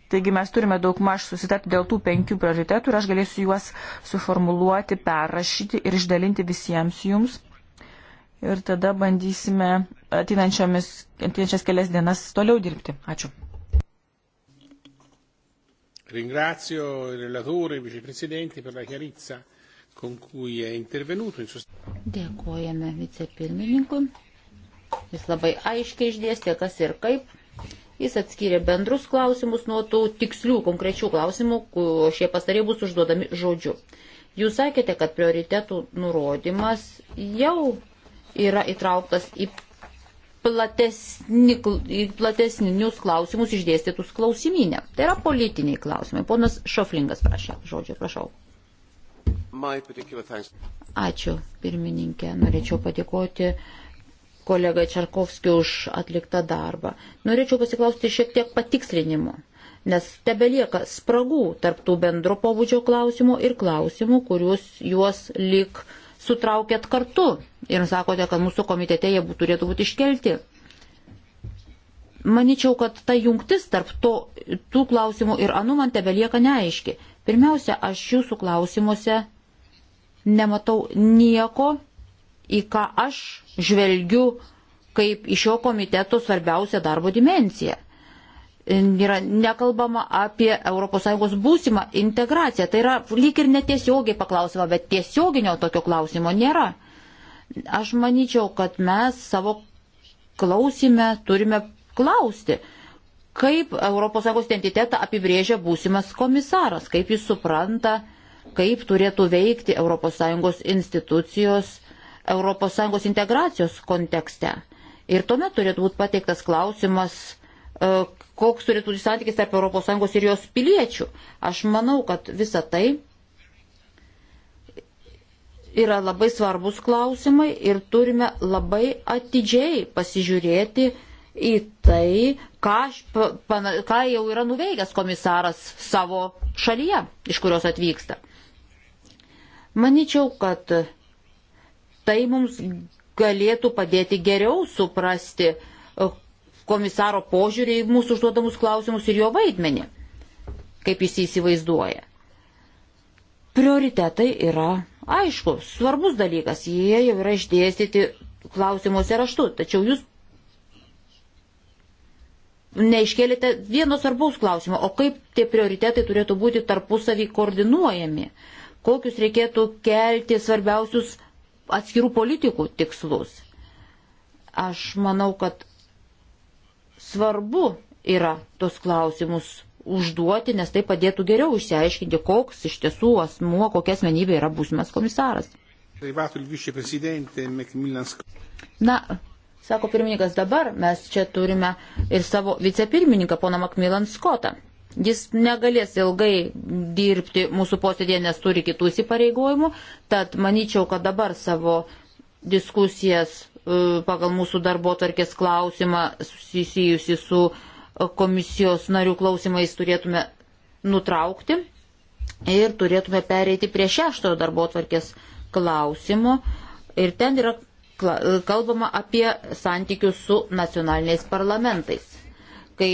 S2: Taigi mes turime daug maž susitarti dėl tų penkių prioritetų ir aš galėsiu juos suformuluoti, perrašyti ir išdalinti visiems jums. Ir tada bandysime ateinančias kelias dienas toliau dirbti. Ačiū.
S1: Ringrazio il relatore, il vicepresidente per la chiarezza con cui è intervenuto.
S3: Dėkojame vicepirmininkui. Jis labai aiškiai išdėstė, kas ir kaip. Jis atskyrė bendrus klausimus nuo tų tikslių konkrečių klausimų, o šie pastarė bus užduodami žodžiu. Jūs sakėte, kad prioritetų nurodymas jau yra įtrauktas į, platesni, į platesnius klausimus išdėstytus klausimynę. Tai yra politiniai klausimai. Ponas Šoflingas prašė žodžio, prašau. Ačiū, pirmininkė. Norėčiau padėkoti uh, kolega Čarkovskiu už atliktą darbą. Norėčiau pasiklausti šiek tiek patikslinimo, nes tebelieka spragų tarptų bendro pobūdžio klausimų ir klausimų, kuriuos juos lik sutraukėt kartu ir sakote, kad mūsų komitete jie būtų, turėtų būti iškelti. Maničiau, kad ta jungtis tarp to, tų klausimų ir anų man tebelieka neaiški. Pirmiausia, aš jūsų klausimuose nematau nieko, į ką aš žvelgiu kaip iš šio komiteto svarbiausią darbo dimenciją. Yra nekalbama apie ES būsimą integraciją. Tai yra lyg ir netiesiogiai paklausima, bet tiesioginio tokio klausimo nėra. Aš manyčiau, kad mes savo klausime turime klausti, kaip ES identitetą apibrėžia būsimas komisaras, kaip jis supranta, kaip turėtų veikti ES institucijos ES integracijos kontekste. Ir tuomet turėtų būti pateiktas klausimas, e, koks turėtų būti santykis tarp ES ir jos piliečių. Aš manau, kad visa tai yra labai svarbus klausimai ir turime labai atidžiai pasižiūrėti į tai, ką, aš, ką jau yra nuveikęs komisaras savo šalyje, iš kurios atvyksta. Maničiau, kad tai mums galėtų padėti geriau suprasti e, komisaro požiūrį į mūsų užduodamus klausimus ir jo vaidmenį, kaip jis įsivaizduoja. Prioritetai yra aišku, svarbus dalykas, jie jau yra išdėstyti klausimuose raštu, tačiau jūs neiškėlėte vieno svarbaus klausimo, o kaip tie prioritetai turėtų būti tarpusavį koordinuojami, kokius reikėtų kelti svarbiausius atskirų politikų tikslus. Aš manau, kad svarbu yra tos klausimus užduoti, nes tai padėtų geriau išsiaiškinti, koks iš tiesų asmuo, kokia asmenybė yra būsimas komisaras. Na, sako pirmininkas, dabar mes čia turime ir savo vicepirmininką, poną Makmilan Skotą. Jis negalės ilgai dirbti mūsų posėdėje, nes turi kitų įsipareigojimų, tad manyčiau, kad dabar savo diskusijas e, pagal mūsų darbo tarkės klausimą susijusi su e, komisijos narių klausimais turėtume nutraukti ir turėtume pereiti prie šeštojo darbo tvarkės klausimo. Ir ten yra kalbama apie santykius su nacionaliniais parlamentais. Kai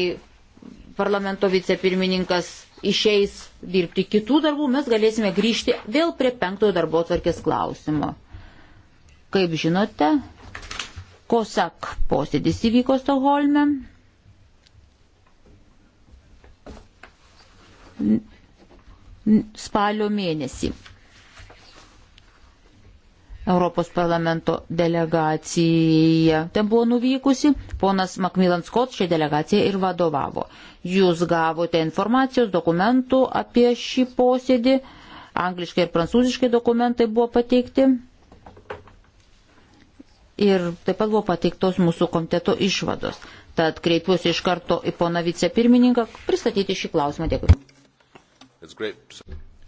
S3: parlamento vicepirmininkas išeis dirbti kitų darbų, mes galėsime grįžti vėl prie penktojo darbo atvarkės klausimo. Kaip žinote, Kosak posėdis įvyko Stoholme. Spalio mėnesį. Europos parlamento delegacija ten buvo nuvykusi, ponas Macmillan Scott šią delegaciją ir vadovavo. Jūs gavote informacijos, dokumentų apie šį posėdį, angliškai ir prancūziškai dokumentai buvo pateikti. Ir taip pat buvo pateiktos mūsų komiteto išvados. Tad kreipiuosi iš karto į poną vicepirmininką pristatyti šį klausimą. Dėkui.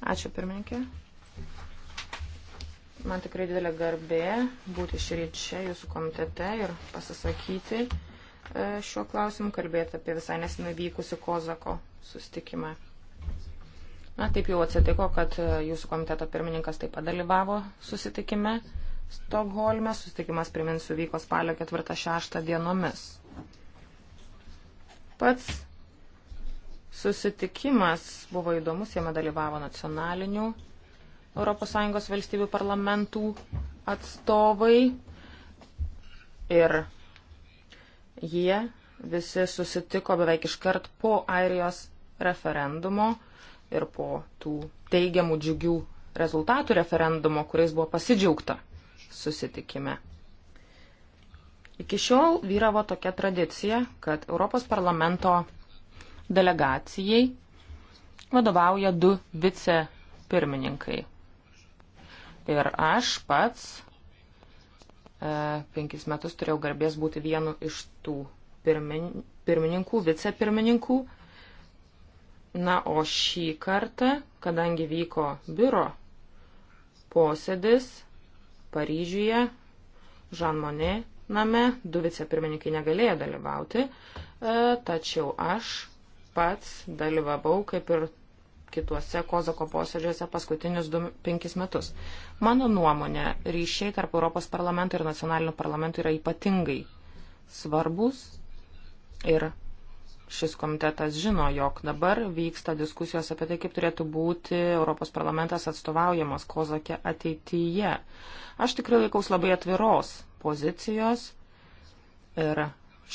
S3: Ačiū pirmininkė.
S4: Man tikrai didelė garbė būti šį čia jūsų komitete ir pasisakyti e, šiuo klausimu, kalbėti apie visai nesinai vykusi Kozako sustikimą. Na, taip jau atsitiko, kad e, jūsų komiteto pirmininkas taip pat dalyvavo susitikime Stokholme. Susitikimas, priminsiu, vyko spalio 4-6 dienomis. Pats susitikimas buvo įdomus, jame dalyvavo nacionalinių ES valstybių parlamentų atstovai ir jie visi susitiko beveik iškart po Airijos referendumo ir po tų teigiamų džiugių rezultatų referendumo, kuriais buvo pasidžiaugta susitikime. Iki šiol vyravo tokia tradicija, kad Europos parlamento delegacijai vadovauja du vicepirmininkai ir aš pats e, penkis metus turėjau garbės būti vienu iš tų pirmin, pirmininkų, vicepirmininkų. Na, o šį kartą, kadangi vyko biuro posėdis Paryžiuje, Žan Monė name, du vicepirmininkai negalėjo dalyvauti, e, tačiau aš pats dalyvavau kaip ir kituose Kozako posėdžiuose paskutinius 5 metus. Mano nuomonė, ryšiai tarp Europos parlamento ir nacionalinio parlamento yra ypatingai svarbus ir šis komitetas žino, jog dabar vyksta diskusijos apie tai, kaip turėtų būti Europos parlamentas atstovaujamas Kozakė ateityje. Aš tikrai laikaus labai atviros pozicijos ir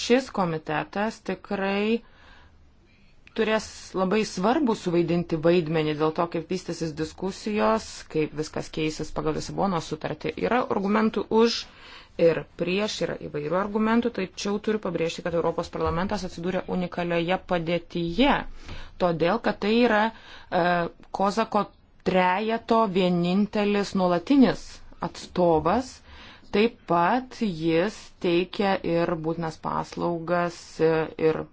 S4: šis komitetas tikrai turės labai svarbu suvaidinti vaidmenį dėl to, kaip vystysis diskusijos, kaip viskas keisis pagal Lisabono sutartį. Yra argumentų už ir prieš, yra įvairių argumentų, tačiau turiu pabrėžti, kad Europos parlamentas atsidūrė unikalioje padėtyje, todėl kad tai yra e, Kozako trejeto vienintelis nuolatinis atstovas. Taip pat jis teikia ir būtinas paslaugas e, ir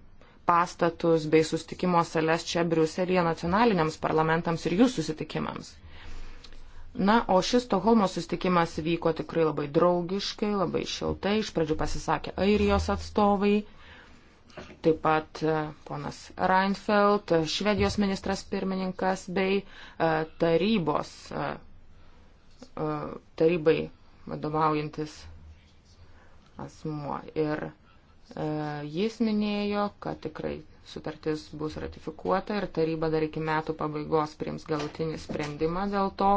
S4: pastatus bei sustikimo sales čia Briuselėje nacionaliniams parlamentams ir jų susitikimams. Na, o šis Stokholmo susitikimas vyko tikrai labai draugiškai, labai šiltai. Iš pradžių pasisakė Airijos atstovai, taip pat e, ponas Reinfeldt, Švedijos ministras pirmininkas bei e, tarybos, e, tarybai vadovaujantis asmuo. Ir E, jis minėjo, kad tikrai sutartis bus ratifikuota ir taryba dar iki metų pabaigos priims galutinį sprendimą dėl to,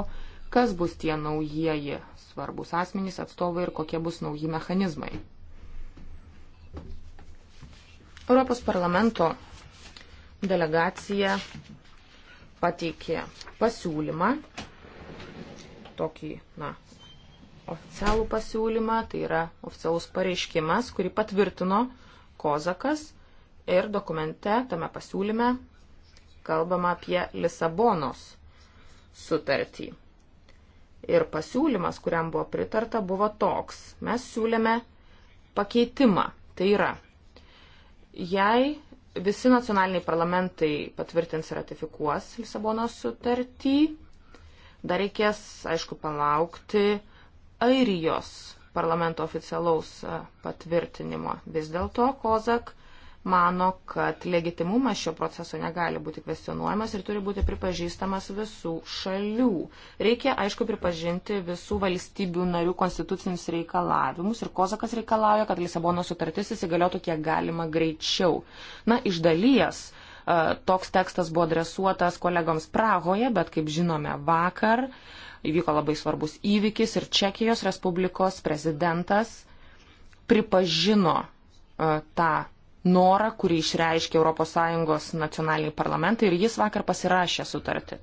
S4: kas bus tie naujieji svarbus asmenys atstovai ir kokie bus nauji mechanizmai. Europos parlamento delegacija pateikė pasiūlymą, tokį, na, oficialų pasiūlymą, tai yra oficialus pareiškimas, kurį patvirtino Kozakas ir dokumente tame pasiūlyme kalbama apie Lisabonos sutartį. Ir pasiūlymas, kuriam buvo pritarta, buvo toks. Mes siūlėme pakeitimą. Tai yra, jei visi nacionaliniai parlamentai patvirtins ir ratifikuos Lisabonos sutartį, dar reikės, aišku, palaukti Airijos parlamento oficialaus e, patvirtinimo. Vis dėlto Kozak mano, kad legitimumas šio proceso negali būti kvestionuojamas ir turi būti pripažįstamas visų šalių. Reikia, aišku, pripažinti visų valstybių narių konstitucinius reikalavimus ir Kozakas reikalauja, kad Lisabono sutartis įsigaliotų kiek galima greičiau. Na, iš dalies. E, toks tekstas buvo adresuotas kolegoms Prahoje, bet kaip žinome vakar, uh, įvyko labai svarbus įvykis ir Čekijos Respublikos prezidentas pripažino e, tą norą, kurį išreiškė ES nacionaliniai parlamentai ir jis vakar pasirašė sutartį.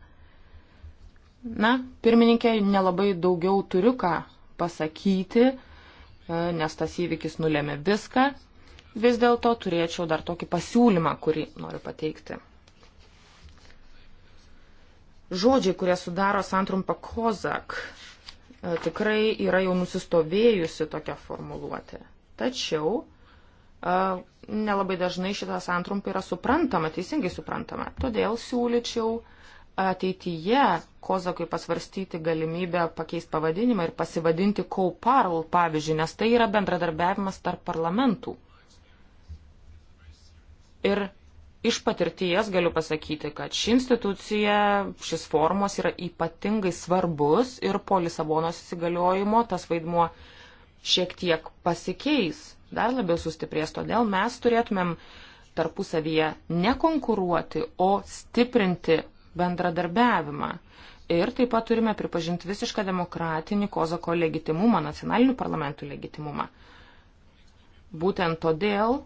S4: Na, pirmininkė, nelabai daugiau turiu ką pasakyti, e, nes tas įvykis nulėmė viską. Vis dėlto turėčiau dar tokį pasiūlymą, kurį noriu pateikti. Žodžiai, kurie sudaro santrumpą kozak, e, tikrai yra jau nusistovėjusi tokia formuluotė. Tačiau e, nelabai dažnai šitą santrumpą yra suprantama, teisingai suprantama. Todėl siūlyčiau ateityje Kozakui pasvarstyti galimybę pakeisti pavadinimą ir pasivadinti Kauparl, pavyzdžiui, nes tai yra bendradarbiavimas tarp parlamentų. Ir iš patirties galiu pasakyti, kad ši institucija, šis formas yra ypatingai svarbus ir po Lisabonos įsigaliojimo tas vaidmuo šiek tiek pasikeis, dar labiau sustiprės. Todėl mes turėtumėm tarpusavyje nekonkuruoti, o stiprinti bendradarbiavimą. Ir taip pat turime pripažinti visišką demokratinį Kozako legitimumą, nacionalinių parlamentų legitimumą. Būtent todėl,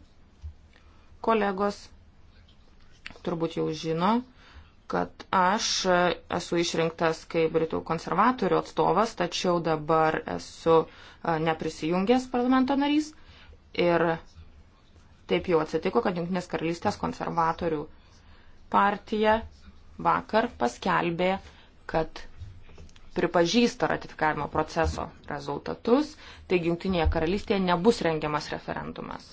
S4: kolegos, turbūt jau žino, kad aš esu išrinktas kaip Britų konservatorių atstovas, tačiau dabar esu neprisijungęs parlamento narys. Ir taip jau atsitiko, kad Junktinės karalystės konservatorių partija vakar paskelbė, kad pripažįsta ratifikavimo proceso rezultatus, taigi Junktinėje karalystėje nebus rengiamas referendumas.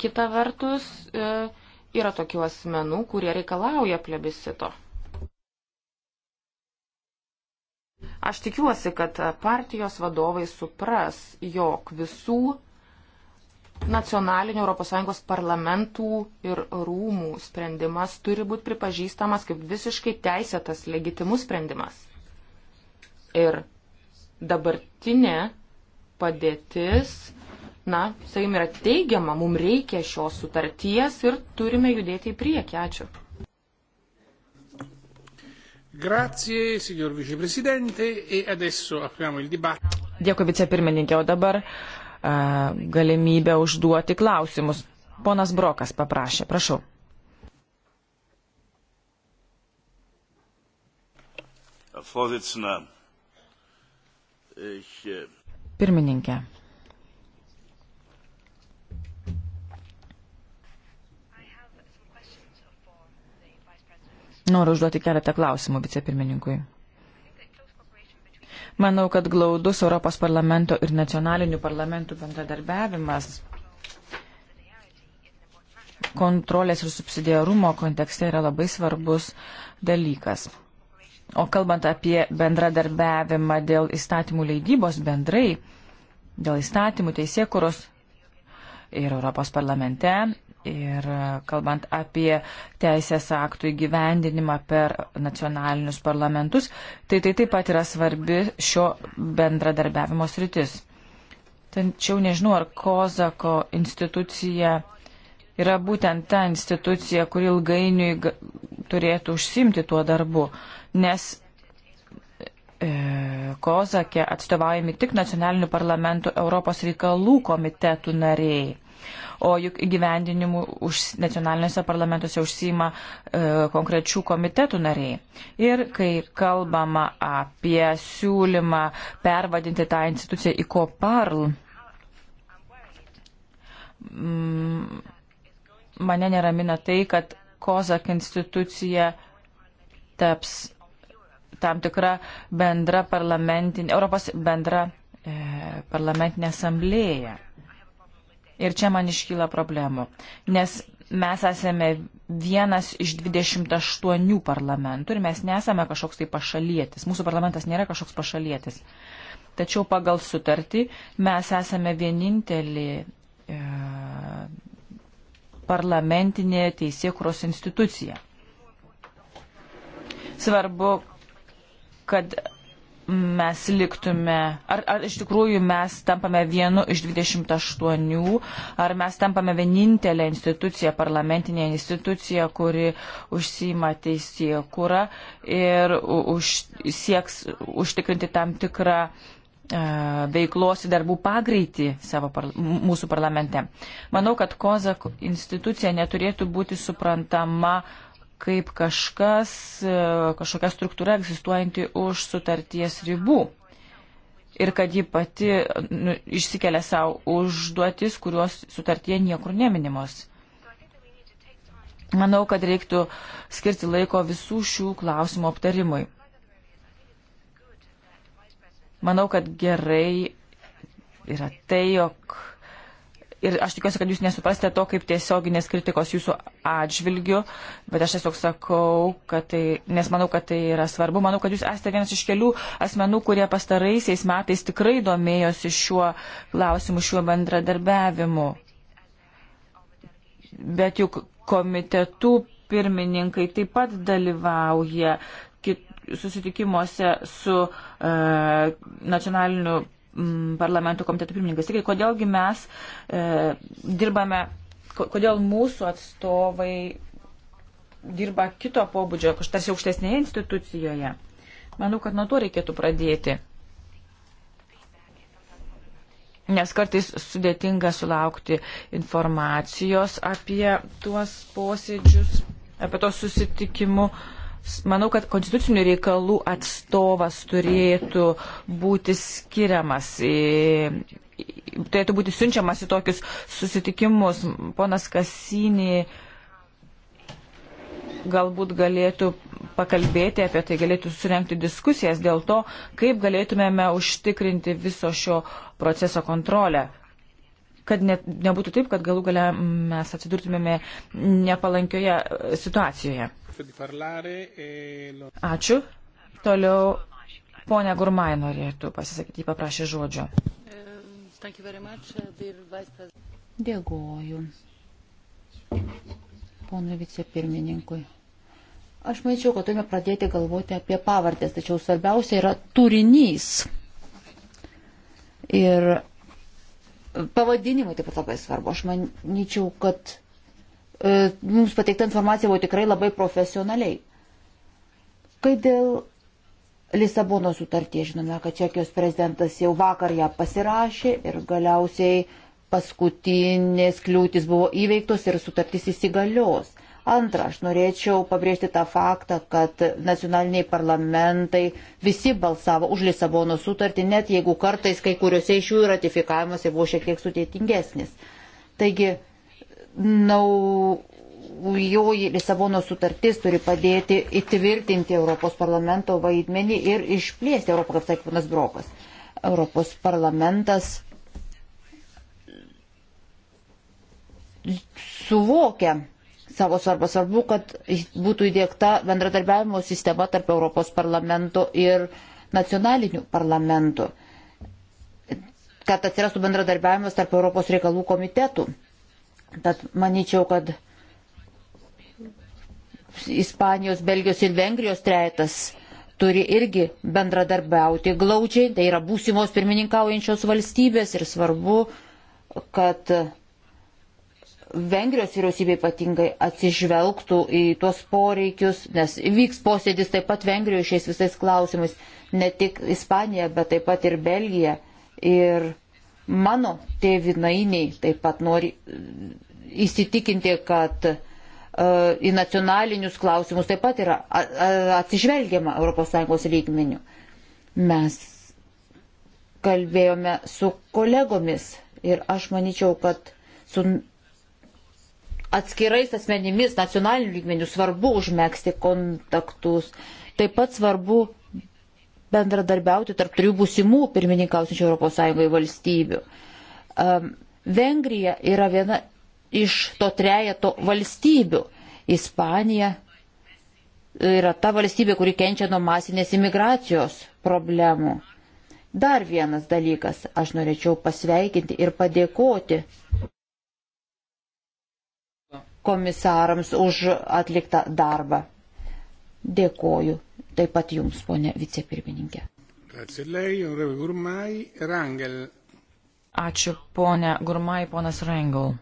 S4: Kita vertus, e, yra tokių asmenų, kurie reikalauja plebiscito. Aš tikiuosi, kad partijos vadovai supras, jog visų nacionalinių ES parlamentų ir rūmų sprendimas turi būti pripažįstamas kaip visiškai teisėtas, legitimus sprendimas. Ir dabartinė padėtis na, sakykime, yra teigiama, mums reikia šios sutarties ir turime judėti į priekį. Ačiū.
S1: Grazie, signor viceprezidente, e adesso apriamo il dibattito.
S2: Dėkui vicepirmininkė, o dabar a, galimybė užduoti klausimus. Ponas Brokas paprašė, prašau. Äh, Pirmininkė. Noriu užduoti keletą klausimų vicepirmininkui. Manau, kad glaudus Europos parlamento ir nacionalinių parlamentų bendradarbiavimas kontrolės ir subsidiarumo kontekste yra labai svarbus dalykas. O kalbant apie bendradarbiavimą dėl įstatymų leidybos bendrai, dėl įstatymų teisėkuros ir Europos parlamente, Ir e, kalbant apie teisės aktų įgyvendinimą per nacionalinius parlamentus, tai tai taip pat yra svarbi šio bendradarbiavimo sritis. Tačiau nežinau, ar Kozako institucija yra būtent ta institucija, kuri ilgainiui turėtų užsimti tuo darbu, nes e, Kozakė atstovaujami tik nacionalinių parlamentų Europos reikalų komitetų nariai o juk įgyvendinimu už nacionaliniuose parlamentuose užsima e, konkrečių komitetų nariai. Ir kai kalbama apie siūlymą pervadinti tą instituciją į koparl, mm, mane neramina tai, kad Kozak institucija taps tam tikra bendra parlamentinė, Europos bendra e, parlamentinė asamblėja. Ir čia man iškyla problemų, nes mes esame vienas iš 28 parlamentų ir mes nesame kažkoks tai pašalietis. Mūsų parlamentas nėra kažkoks pašalietis. Tačiau pagal sutartį mes esame vienintelį e, parlamentinė teisėkuros institucija. Svarbu, kad mes liktume, ar, ar iš tikrųjų mes tampame vienu iš 28, ar mes tampame vienintelę instituciją, parlamentinę instituciją, kuri užsima teisėje kūrą ir už, sieks užtikrinti tam tikrą uh, veiklos ir darbų pagreitį savo par, mūsų parlamente. Manau, kad Kozak institucija neturėtų būti suprantama uh, kaip kažkas, e, kažkokia struktūra egzistuojanti už sutarties ribų. Ir kad ji pati nu, išsikelia savo užduotis, kurios sutartie niekur neminimos. Manau, kad reiktų skirti laiko visų šių klausimų aptarimui. Manau, kad gerai yra tai, jog ir aš tikiuosi, kad jūs nesuprastė to kaip tiesioginės kritikos jūsų atžvilgiu, bet aš tiesiog sakau, kad tai, nes manau, kad tai yra svarbu. Manau, kad jūs esate vienas iš kelių asmenų, kurie pastaraisiais metais tikrai domėjosi šiuo klausimu, šiuo bendradarbiavimu. Bet juk komitetų pirmininkai taip pat dalyvauja susitikimuose su e, nacionaliniu parlamento komitetų pirmininkas. Taigi, kodėlgi mes e, dirbame, kodėl mūsų atstovai dirba kito pobūdžio, tarsi aukštesnėje institucijoje. Manau, kad nuo to reikėtų pradėti. Nes kartais sudėtinga sulaukti informacijos apie tuos posėdžius, apie tos susitikimų uh, Manau, kad konstitucinių reikalų atstovas turėtų būti skiriamas, turėtų būti siunčiamas į tokius susitikimus. Ponas Kasinį galbūt galėtų pakalbėti apie tai, galėtų surenkti diskusijas dėl to, kaip galėtumėme užtikrinti viso šio proceso kontrolę. Kad ne, nebūtų taip, kad galų gale mes atsidurtumėme nepalankioje e, situacijoje.
S1: E,
S2: Ačiū. Toliau ponia Gurmai norėtų pasisakyti, paprašė žodžio.
S3: Dėkuoju. Ponui vicepirmininkui. Aš manyčiau, kad turime pradėti galvoti apie pavardės, tačiau svarbiausia yra turinys. Ir pavadinimai taip pat labai svarbu. Aš manyčiau, kad E, mums pateikta informacija buvo tikrai labai profesionaliai. Kai dėl Lisabono sutarties žinome, kad Čekijos prezidentas jau vakar ją pasirašė ir galiausiai paskutinės kliūtis buvo įveiktos ir sutartis įsigalios. Antra, aš norėčiau pabrėžti tą faktą, kad nacionaliniai parlamentai visi balsavo už Lisabono sutartį, net jeigu kartais kai kuriuose iš jų ratifikavimas jau buvo šiek tiek sudėtingesnis. Taigi naujoji Lisabono sutartis turi padėti įtvirtinti Europos parlamento vaidmenį ir išplėsti Europos, kaip sakė ponas Brokas. Europos parlamentas suvokia savo svarbą. Svarbu, kad būtų įdėkta bendradarbiavimo sistema tarp Europos parlamento ir nacionalinių parlamentų, kad atsirastų bendradarbiavimas tarp Europos reikalų komitetų. Tad manyčiau, kad Ispanijos, Belgijos ir Vengrijos trejetas turi irgi bendradarbiauti glaudžiai, tai yra būsimos pirmininkaujančios valstybės ir svarbu, kad Vengrijos vyriausybė ypatingai atsižvelgtų į tuos poreikius, nes vyks posėdis taip pat Vengrijoje šiais visais klausimais, ne tik Ispanija, bet taip pat ir Belgija. Ir mano tėvinainiai taip pat nori įsitikinti, kad e, į nacionalinius klausimus taip pat yra atsižvelgiama ES lygmenių. Mes kalbėjome su kolegomis ir aš manyčiau, kad su atskirais asmenimis nacionaliniu lygmeniu svarbu užmėgsti kontaktus. Taip pat svarbu bendradarbiauti tarp trijų būsimų pirmininkausiančių ES valstybių. Um, Vengrija yra viena iš to trejeto valstybių. Ispanija yra ta valstybė, kuri kenčia nuo masinės imigracijos problemų. Dar vienas dalykas, aš norėčiau pasveikinti ir padėkoti komisarams už atliktą darbą.
S2: Dėkoju taip pat jums, ponė vicepirmininkė. Ačiū, ponė Gurmai, ponas Rengel.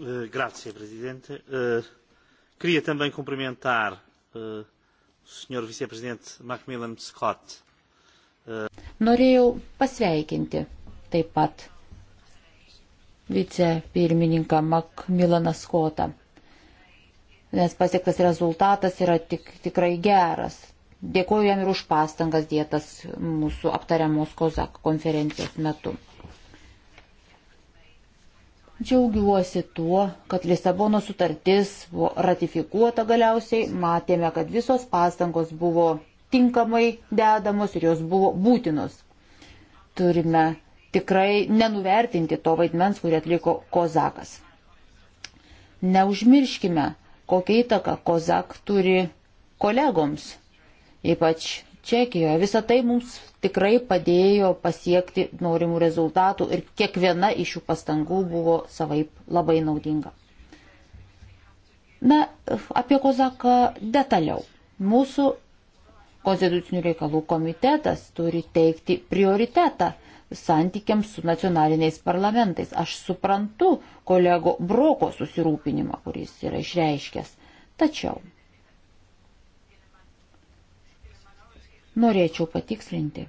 S1: Eh, grazie, Presidente. Uh,
S3: queria também cumprimentar uh, o Sr. Vice-Presidente Macmillan Scott. Uh... Norėjau pasveikinti taip pat vicepirmininką Macmillaną Scottą, nes pasiektas rezultatas yra tik, tikrai geras. Dėkuoju jam ir už pastangas dėtas mūsų aptariamos Kozak konferencijos metu. Džiaugiuosi tuo, kad Lisabono sutartis buvo ratifikuota galiausiai, matėme, kad visos pastangos buvo tinkamai dedamos ir jos buvo būtinos. Turime tikrai nenuvertinti to vaidmens, kurį atliko Kozakas. Neužmirškime, kokią įtaką Kozak turi kolegoms, ypač Čekijoje. Visą tai mums tikrai padėjo pasiekti norimų rezultatų ir kiekviena iš šių pastangų buvo savaip labai naudinga. Na, apie Kozaką detaliau. Mūsų Konstitucinių reikalų komitetas turi teikti prioritetą santykiams su nacionaliniais parlamentais. Aš suprantu kolego Broko susirūpinimą, kuris yra išreiškęs. Tačiau Norėčiau patikslinti,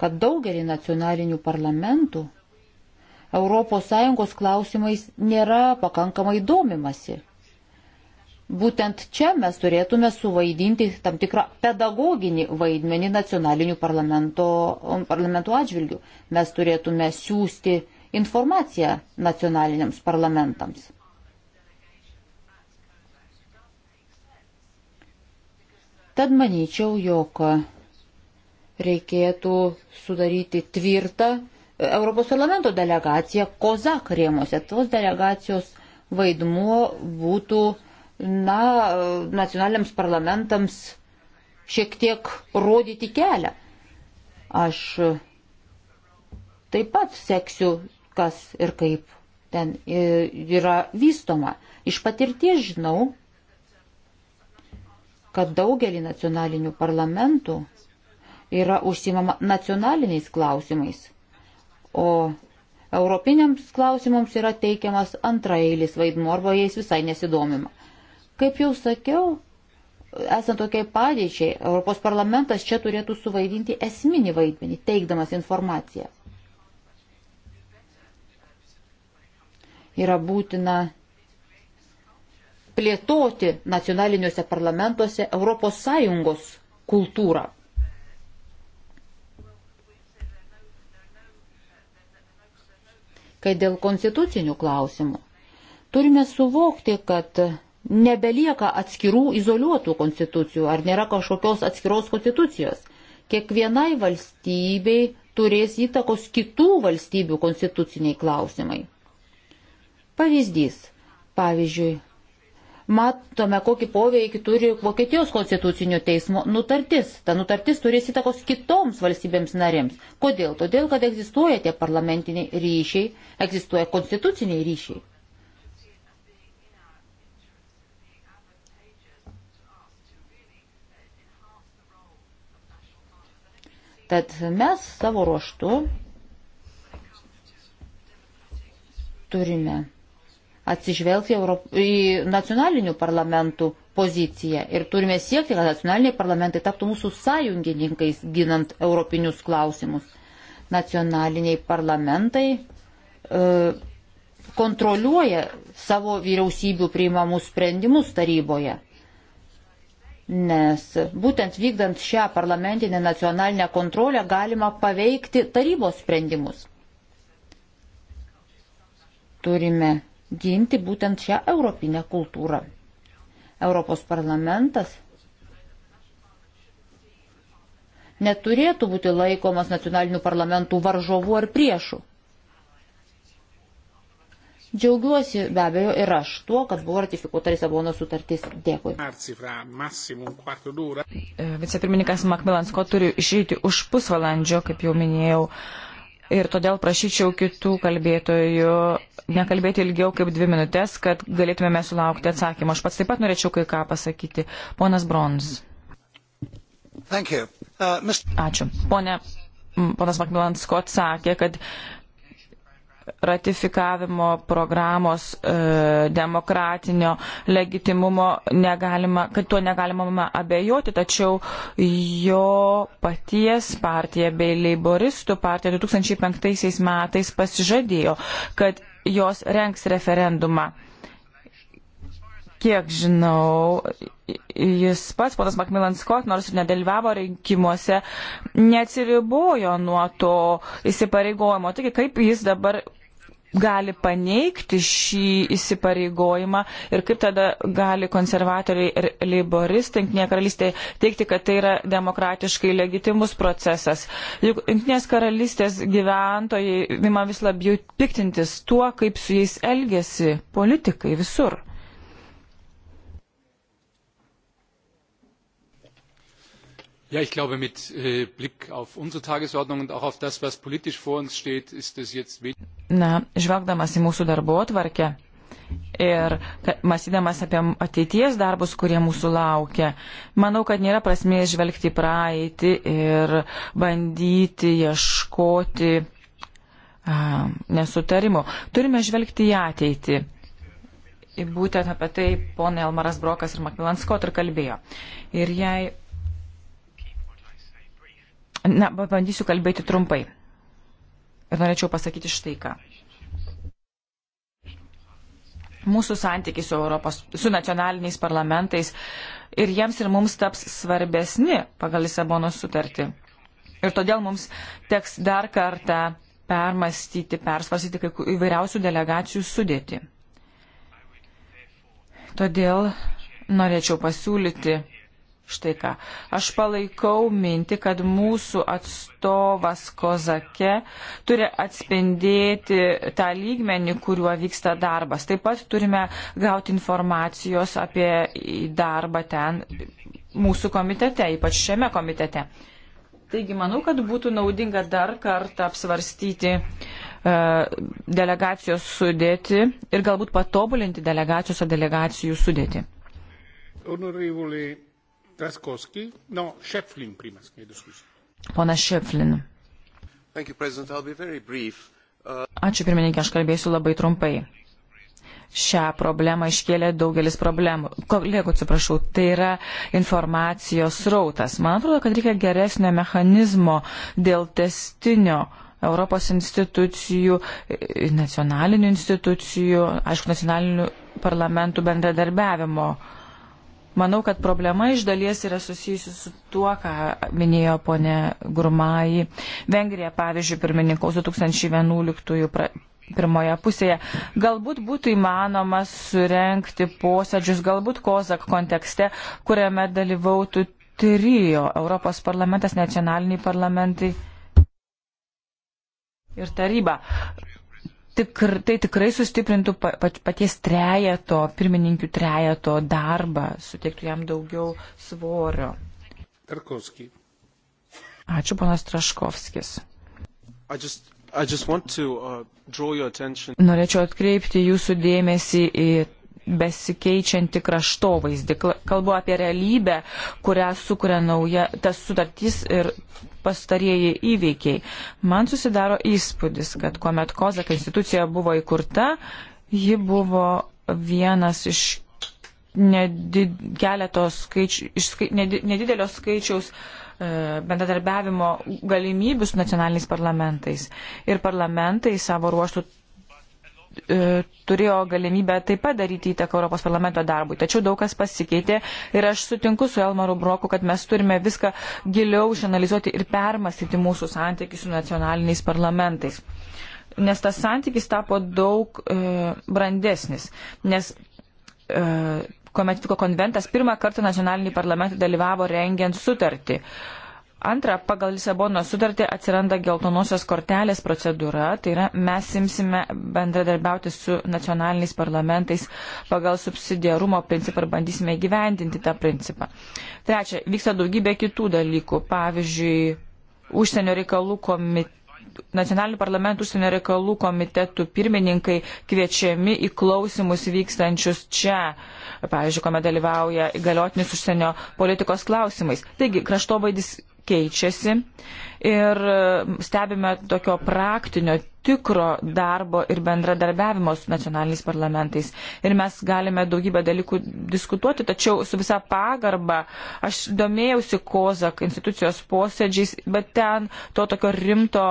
S3: kad daugelį nacionalinių parlamentų ES klausimais nėra pakankamai domimasi. Būtent čia mes turėtume suvaidinti tam tikrą pedagoginį vaidmenį nacionalinių parlamentų atžvilgių. Mes turėtume siūsti informaciją nacionaliniams parlamentams. Tad manyčiau, jog reikėtų sudaryti tvirtą e, Europos parlamento delegaciją Kozak rėmose. Tos delegacijos vaidmuo būtų na, nacionaliniams parlamentams šiek tiek rodyti kelią. Aš taip pat seksiu, kas ir kaip ten e, yra vystoma. Iš patirties žinau, kad daugelį nacionalinių parlamentų yra užsimama nacionaliniais klausimais, o europiniams klausimams yra teikiamas antraeilis vaidmuo arba jais visai nesidomima. Kaip jau sakiau, esant tokiai padėčiai, Europos parlamentas čia turėtų suvaidinti esminį vaidmenį, teikdamas informaciją. Yra būtina plėtoti nacionaliniuose parlamentuose ES kultūrą. Kai dėl konstitucinių klausimų turime suvokti, kad nebelieka atskirų izoliuotų konstitucijų ar nėra kažkokios atskiros konstitucijos. Kiekvienai valstybei turės įtakos kitų valstybių konstituciniai klausimai. Pavyzdys. Pavyzdžiui, matome, kokį poveikį turi Vokietijos konstitucinio teismo nutartis. Ta nutartis turės įtakos kitoms valstybėms narėms. Kodėl? Todėl, kad egzistuoja tie parlamentiniai ryšiai, egzistuoja konstituciniai ryšiai. Tad mes savo ruoštų turime atsižvelgti į nacionalinių parlamentų poziciją ir turime siekti, kad nacionaliniai parlamentai taptų mūsų sąjungininkais ginant europinius klausimus. Nacionaliniai parlamentai e, kontroliuoja savo vyriausybių priimamus sprendimus taryboje. Nes būtent vykdant šią parlamentinę nacionalinę kontrolę galima paveikti tarybos sprendimus. Turime ginti būtent šią europinę kultūrą. Europos parlamentas neturėtų būti laikomas nacionalinių parlamentų varžovų ar priešų. Džiaugiuosi be abejo ir aš tuo, kad buvo ratifikuota Lisabono
S2: sutartis. Dėkui. Vicepirmininkas Makmilan Skot turi išeiti už pusvalandžio, kaip jau minėjau. Uh, ir todėl prašyčiau kitų kalbėtojų nekalbėti ilgiau kaip dvi minutės, kad galėtumėme sulaukti atsakymą. Aš pats taip pat norėčiau kai ką pasakyti. Ponas Brons. Uh, Ačiū. Pone, ponas Makmilan Scott sakė, kad ratifikavimo programos e, demokratinio legitimumo negalima, kad tuo negalima abejoti, tačiau jo paties partija bei leiboristų partija 2005 metais pasižadėjo, kad jos renks referendumą. Kiek žinau, jis pats, ponas Macmillan Scott, nors ir nedalyvavo rinkimuose, neatsiribojo nuo to įsipareigojimo. Taigi, kaip jis dabar gali paneigti šį įsipareigojimą ir kaip tada gali konservatoriai ir leiboristai Junktinėje karalystėje teikti, kad tai yra demokratiškai legitimus procesas. Juk Junktinės karalystės gyventojai ima vis labiau piktintis tuo, kaip su jais elgesi politikai visur.
S1: Ja, ich glaube, mit äh, Blick auf unsere Tagesordnung und auch auf das, was politisch vor uns steht, ist es jetzt wenig.
S2: Na, žvelgdamas į mūsų darbo atvarkę ir mąstydamas apie ateities darbus, kurie mūsų laukia, manau, kad nėra prasmės žvelgti į praeitį ir bandyti ieškoti a, nesutarimų. Turime žvelgti į ateitį. Ir būtent apie tai ponai Elmaras Brokas ir Makvilan Skot ir kalbėjo. Ir jei Na, pabandysiu kalbėti trumpai. Ir norėčiau pasakyti štai ką. Mūsų santykiai su, Europos, su nacionaliniais parlamentais ir jiems ir mums taps svarbesni pagal Lisabono sutartį. Ir todėl mums teks dar kartą permastyti, persvarsyti kai įvairiausių delegacijų sudėti. Todėl norėčiau pasiūlyti štai ką. Aš palaikau mintį, kad mūsų atstovas Kozake turi atspindėti tą lygmenį, kuriuo vyksta darbas. Taip pat turime gauti informacijos apie darbą ten mūsų komitete, ypač šiame komitete. Taigi manau, kad būtų naudinga dar kartą apsvarstyti e, delegacijos sudėti ir galbūt patobulinti delegacijos ar delegacijų sudėti.
S1: Honorevole Traskowski. No, Šeflin prima, skaidu skus.
S2: Pona Šeflin.
S1: You, uh...
S2: Ačiū pirmininkė, aš kalbėsiu labai trumpai. Šią problemą iškėlė daugelis problemų. Kolegų, atsiprašau, tai yra informacijos rautas. Man atrodo, kad reikia geresnio mechanizmo dėl testinio Europos institucijų, nacionalinių institucijų, aišku, nacionalinių parlamentų bendradarbiavimo. Uh, Manau, kad problema iš dalies yra susijusi su tuo, ką minėjo ponė Gurmai. Vengrija, pavyzdžiui, pirmininkaus 2011 pra... pirmoje pusėje. Galbūt būtų įmanoma surenkti posėdžius, galbūt Kozak kontekste, kuriame dalyvautų trijo Europos parlamentas, nacionaliniai parlamentai ir taryba tikr, tai tikrai sustiprintų paties trejeto, pirmininkių trejeto darbą, suteiktų jam daugiau svorio. Tarkovski. Ačiū, ponas Traškovskis.
S1: I just, I just to, uh, Norėčiau
S2: atkreipti jūsų dėmesį į besikeičianti kraštovaizdį. Kalbu apie realybę, kurią sukuria nauja tas sutartys ir pastarieji įveikiai. Man susidaro įspūdis, kad kuomet Kozak institucija buvo įkurta, ji buvo vienas iš nedid, keletos skaičių, iš skai, nedid, nedidelio skaičiaus e, bendradarbiavimo galimybių su nacionaliniais parlamentais. Ir parlamentai savo ruoštų E, turėjo galimybę taip pat daryti įtaką Europos parlamento darbui. Tačiau daug kas pasikeitė ir aš sutinku su Elmaru Broku, kad mes turime viską giliau išanalizuoti ir permastyti mūsų santykius su nacionaliniais parlamentais. Nes tas santykis tapo daug e, brandesnis, nes e, kuomet vyko konventas, pirmą kartą nacionaliniai parlamentai dalyvavo rengiant sutartį. E, Antra, pagal Lisabono sutartį atsiranda geltonosios kortelės procedūra, tai yra mes simsime bendradarbiauti su nacionaliniais parlamentais pagal subsidiarumo principą ir bandysime gyvendinti tą principą. Trečia, vyksta daugybė kitų dalykų, pavyzdžiui, užsienio reikalų komitė. Nacionalinių parlamentų užsienio reikalų komitetų pirmininkai kviečiami į klausimus vykstančius čia, pavyzdžiui, kuomet dalyvauja įgaliotinis užsienio politikos klausimais. Taigi, kraštovaizdis keičiasi ir stebime tokio praktinio, tikro darbo ir bendradarbiavimo su nacionaliniais parlamentais. Ir mes galime daugybę dalykų diskutuoti, tačiau su visa pagarba aš domėjausi Kozak institucijos posėdžiais, bet ten to tokio rimto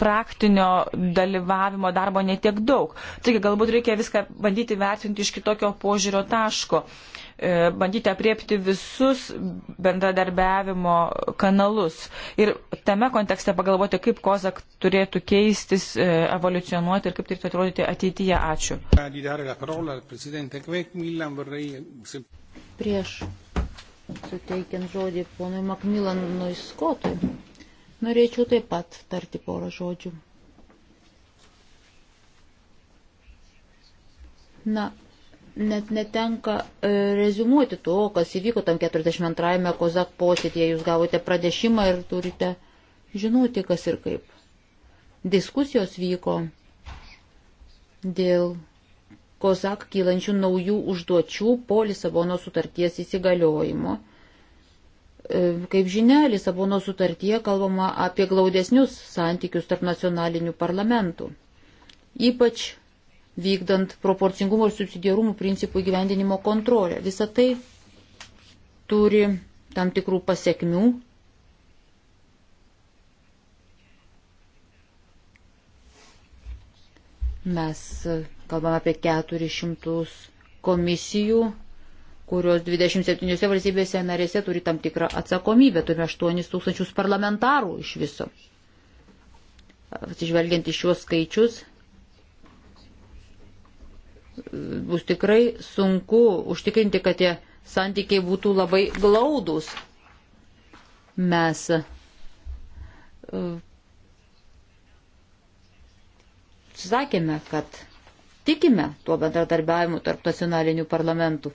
S2: praktinio dalyvavimo darbo netiek daug. Taigi galbūt reikia viską bandyti vertinti iš kitokio požiūrio taško. Uh, E, bandyti apriepti visus bendradarbiavimo kanalus. Ir tame kontekste pagalvoti, kaip Kozak turėtų keistis, e, evoliucionuoti ir kaip turėtų atrodyti ateityje. Ačiū.
S3: Prieš suteikiant žodį ponui Makmilanui Skotui, norėčiau taip pat tarti porą žodžių. Na, net netenka e, rezumuoti to, kas įvyko tam 42-ame Kozak posėdėje. Jūs gavote pradėšimą ir turite žinoti, kas ir kaip. Diskusijos vyko dėl Kozak kylančių naujų užduočių po Lisabono sutarties įsigaliojimo. E, kaip žinia, Lisabono sutartyje kalbama apie glaudesnius santykius tarp nacionalinių parlamentų. Ypač vykdant proporcingumo ir subsidiarumų principų įgyvendinimo kontrolę. Visą tai turi tam tikrų pasiekmių. Mes kalbame apie 400 komisijų, kurios 27 valstybėse narėse turi tam tikrą atsakomybę. Turime 8 tūkstančius parlamentarų iš viso. Atsižvelgiant į šiuos skaičius, bus tikrai sunku užtikrinti, kad tie santykiai būtų labai glaudus. Mes e, sakėme, kad tikime tuo bendradarbiavimu tarp nacionalinių parlamentų.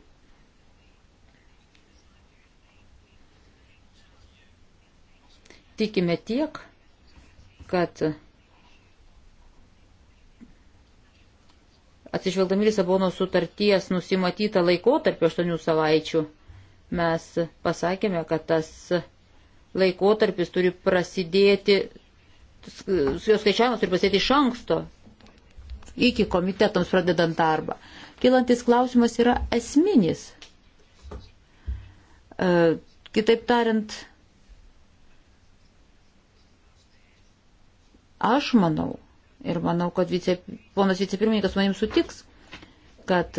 S3: Tikime tiek, kad Atsižvelgdami Lisabono sutarties nusimatytą laikotarpį 8 savaičių, mes pasakėme, kad tas laikotarpis turi prasidėti, jos skaičiavimas turi prasidėti iš anksto, iki komitetams pradedant darbą. Kilantis klausimas yra esminis. E, kitaip tariant, aš manau, Ir manau, kad vice, ponas vicepirmininkas manim sutiks, kad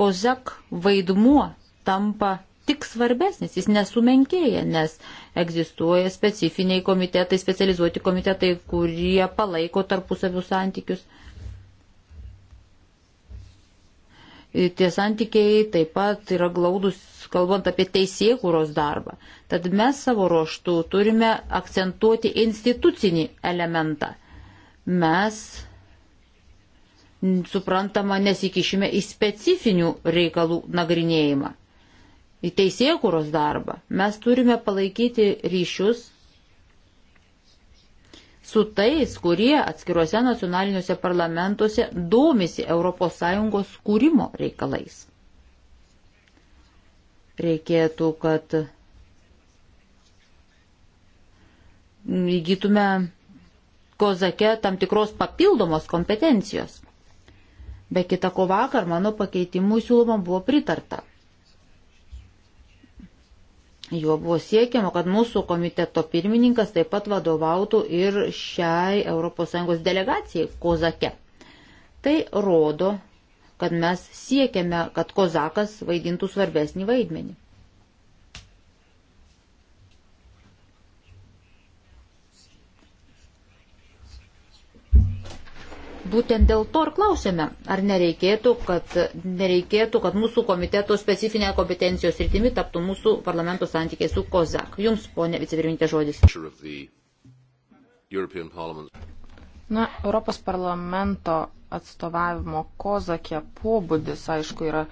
S3: kozak vaidmuo tampa tik svarbesnis, jis nesumenkėja, nes egzistuoja specifiniai komitetai, specializuoti komitetai, kurie palaiko tarpusavio santykius. Ir tie santykiai taip pat yra glaudus, kalbant apie teisėkūros darbą. Tad mes savo ruoštų turime akcentuoti institucinį elementą mes suprantama, nesikišime į specifinių reikalų nagrinėjimą, į teisėkuros darbą. Mes turime palaikyti ryšius su tais, kurie atskiruose nacionaliniuose parlamentuose domisi ES kūrimo reikalais. Reikėtų, kad įgytume kozake tam tikros papildomos kompetencijos. Be kita ko vakar mano pakeitimų siūloma buvo pritarta. Juo buvo siekiama, kad mūsų komiteto pirmininkas taip pat vadovautų ir šiai ES delegacijai Kozake. Tai rodo, kad mes siekiame, kad Kozakas vaidintų svarbesnį vaidmenį. būtent dėl to ir klausėme, ar nereikėtų, kad, nereikėtų, kad mūsų komiteto specifinė kompetencijos rytimi taptų mūsų parlamento santykiai su Kozak. Jums, ponė vicepirmininkė, žodis.
S4: Na, Europos parlamento atstovavimo Kozakė pobūdis, aišku, yra